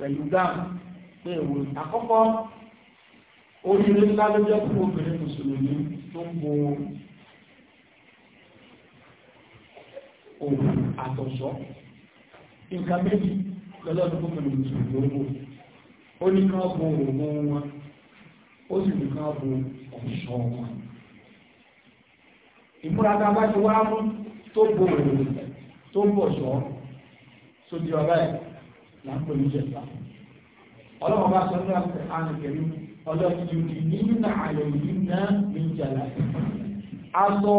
pẹ̀lú dáhùn pé èwo àkọ́kọ́ oríire ńlá ló jẹ́ fún obìnrin mùsùlùmí tó ń bo òun àtọ̀ṣọ́ nǹkan méjì lọ́lọ́dún gómìnà mùsùlùmí ó ní kán bo òun wọn ó sì ní kán bo ọ̀ṣọ́ wọn ìmúrata bá ti wá mú tó bo òun tó ń bọ̀ ṣọ́ sódì ọ̀bá ẹ̀ lápò ìjẹta ọlọ́run bá sọ ní àpẹ ànìkẹ́rí ọlọ́run ti di nínú àyè yìí náà ní ìjàlá aṣọ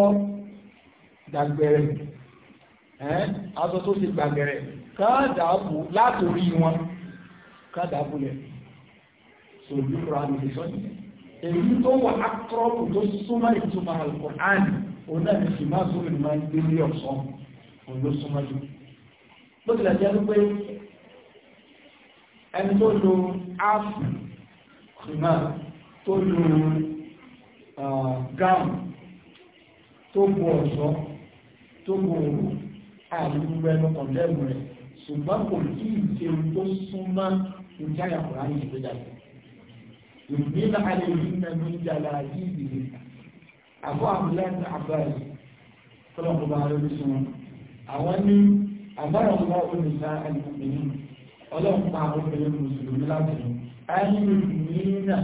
dàgbẹ̀rẹ̀ aṣọ tó ti gbàgbẹ̀rẹ̀ káàdàbù látòrí wọn káàdàbù lẹ̀ sòrí kúránì ti sọ nìyẹn èyí tó wà ákọ́rọ́pù tó súnmọ́ ìtumọ̀ alkùnránì onáà ní sì máa sórí máa ń gbé ọ̀sán ẹni tó lo áàpù ṣùgbọ́n tó lo gáùn tó bu ọ̀ṣọ́ tó bu òru àìlú ẹnu kọ̀ndẹ́mù rẹ̀ ṣùgbọ́n kò tí ì ṣe ohun tó súnmọ́ ìjà ìyàwòrán yìí tó jáde ìgbéla alẹ́ yìí náà ló ń jàlá yìí ìdílé àbọ̀ àbúlẹ́ẹ̀tì àbáyé kọ́lọ́kọ́ bá rẹ̀ lóṣù wọn àwọn ní àbáyọ̀ ọ̀gá olùsá ẹni ọlọ́run pa àwọn obìnrin mùsùlùmí láti rìn ayélu nínà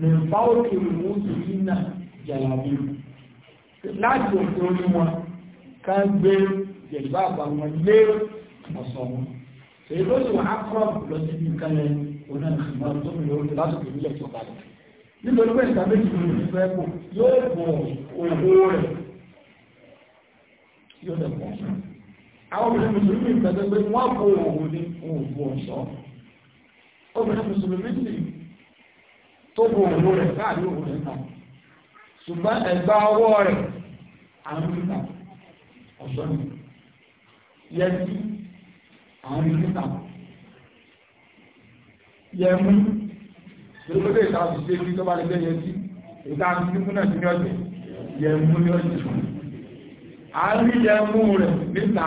lèpa òkè mùsùlùmí nà jàlàbí láti òkè orí wọn ká gbé jẹ̀lú àbá wọn lé ọ̀sọ̀ wọn èyí ló sì wà á kọ́ lọ sí ibi kan yẹn oní àgbà tó mi lórí láti òkè nílẹ̀ yóò bọ̀ àwọn obìnrin mùsùlùmí ìgbàgbọ́ pé wọ́n kó òun ní òògùn ọ̀ṣọ́ obìnrin mùsùlùmí sì tó bo òun rẹ̀ káàdé òun rẹ̀ kà ṣùgbọ́n ẹ̀gbà ọwọ́ rẹ̀ àwọn mítà ọ̀ṣọ́ ni yẹtí àwọn mítà yẹmú lórí ìtàkùn sí ebi tó bá lè bẹ́ yẹtí ìtàkùn sí múnà sí ní ọ̀sẹ̀ yẹmú ní ọ̀sẹ̀ àárín yẹmú rẹ̀ níta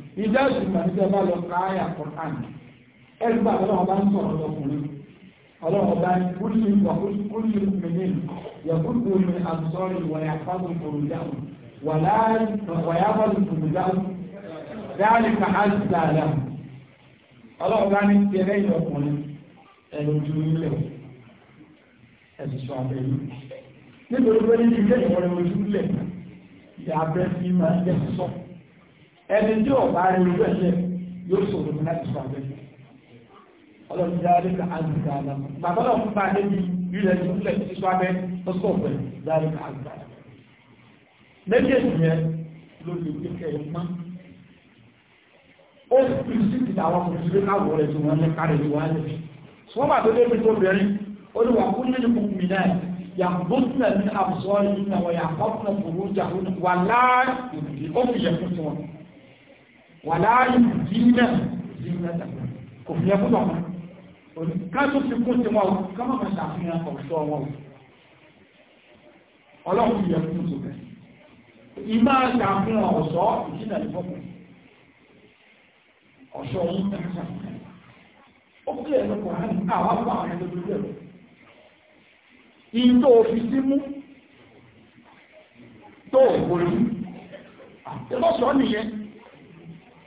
ìjọ ìsìnkú àtijọba lọ ka àyà kọ̀ọ̀kan ẹgbẹ́ ọlọ́run bá ń sọ̀rọ̀ lọkùnrin ọlọ́run bá ń kúrú kúrú mìíràn yẹ̀kúrú mi àbùsọ̀rì wọ̀yà fáwọn òrùjáwò wọ̀yà fáwọn òrùjáwò dáàlì ka á ti dáadáa ọlọ́run bá ní tiẹ̀lẹ́ ìlọkùnrin ẹ̀rọ ojú ilẹ̀ ẹ̀sùsọ abẹ́lú ẹni tí ò bá rí ojú ẹ̀ṣẹ̀ yóò sọ̀rọ̀ mi láti sọ̀rọ̀ ẹ̀ṣẹ̀ ọlọ́run ti dáadé ká àgbègbè àná bàbá náà fún bá a débi ilẹ̀ ìfúnlẹ̀ ti sọ abẹ́ ó sọ̀ pẹ̀ dáadé ká àgbègbè àná méjèèjì yẹn ló lè gbé kẹ́ ẹ̀ mọ́ ó fi síbi àwọn mùsùlùmí káwọ̀ rẹ̀ tí wọ́n lè kárẹ̀ tí wọ́n lè sọ́n bá tó débi tó bẹ̀rẹ̀ ó ní wà kú nínú kùn mí náà yàgbóntúnà ní àbùsọ̀ yìí náà wọ̀ yàgbóntúnà kùrú jà wà láàrín òkùnkùn ó fi yẹ fún tiwọn wà láàyè jìnnà jìnnà kò fi ẹkú lọ́mọ kájú fi kún sí wọn ká má máa ṣàfihàn ọ̀ṣọ́ wọn ọlọ́run yẹ fún tó bẹ̀ ìmá ṣàfihàn ọ̀ṣọ́ ìjìnà ìfọ́kù ọ̀ṣọ́ yìí náà ṣàfihàn ó kí ẹ̀rọ kò hàn àwọn àwọn àwọn ẹ̀rọ lórí ẹ̀rọ ìyí tó fi sí mú tó òkúrú ẹ̀fọ́ṣọ́ nìyẹn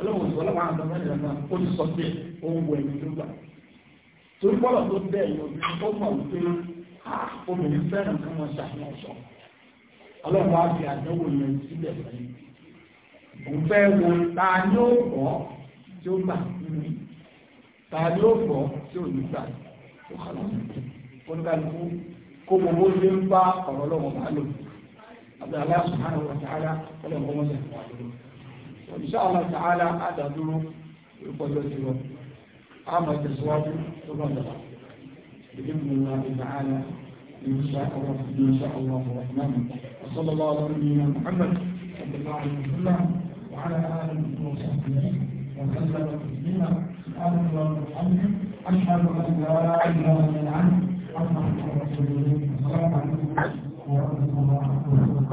ọlọ́run ìwọ lọ́wọ́ àwọn ọmọ ìrìnà ó ti sọ pé òun wọ ẹ̀mí ló gbà torí bọ́lọ̀ tó bẹ́ẹ̀ yọ ó mọ̀ wípé ah, obìnrin fẹ́ràn kí wọ́n ṣàfihàn ọ̀ṣọ́ ọlọ́run wá fi àdánwò yẹn sílẹ̀ fún òun fẹ́ wo ta ni ó gbọ́ tí ó gbà nínú ta ni ó gbọ́ tí ò ní gbà ó kà lọ́wọ́ oníkàlùkù kó gbogbo ṣe ń bá ọ̀rọ̀ ọlọ́run bá lò àbí aláṣùmáà wọ̀ insha Allah ta'ala àdàdúró ìpọ̀jọ́ ti lọ àmà ìtẹ̀síwájú tó bá dàbà بإذن الله تعالى إن شاء الله إن شاء الله الرحمن وصلى الله على نبينا محمد صلى الله عليه وسلم وعلى آله وصحبه وسلم تسليما سبحان الله وبحمدك أشهد أن لا إله إلا أنت أستغفرك وأتوب إليك السلام عليكم ورحمة الله وبركاته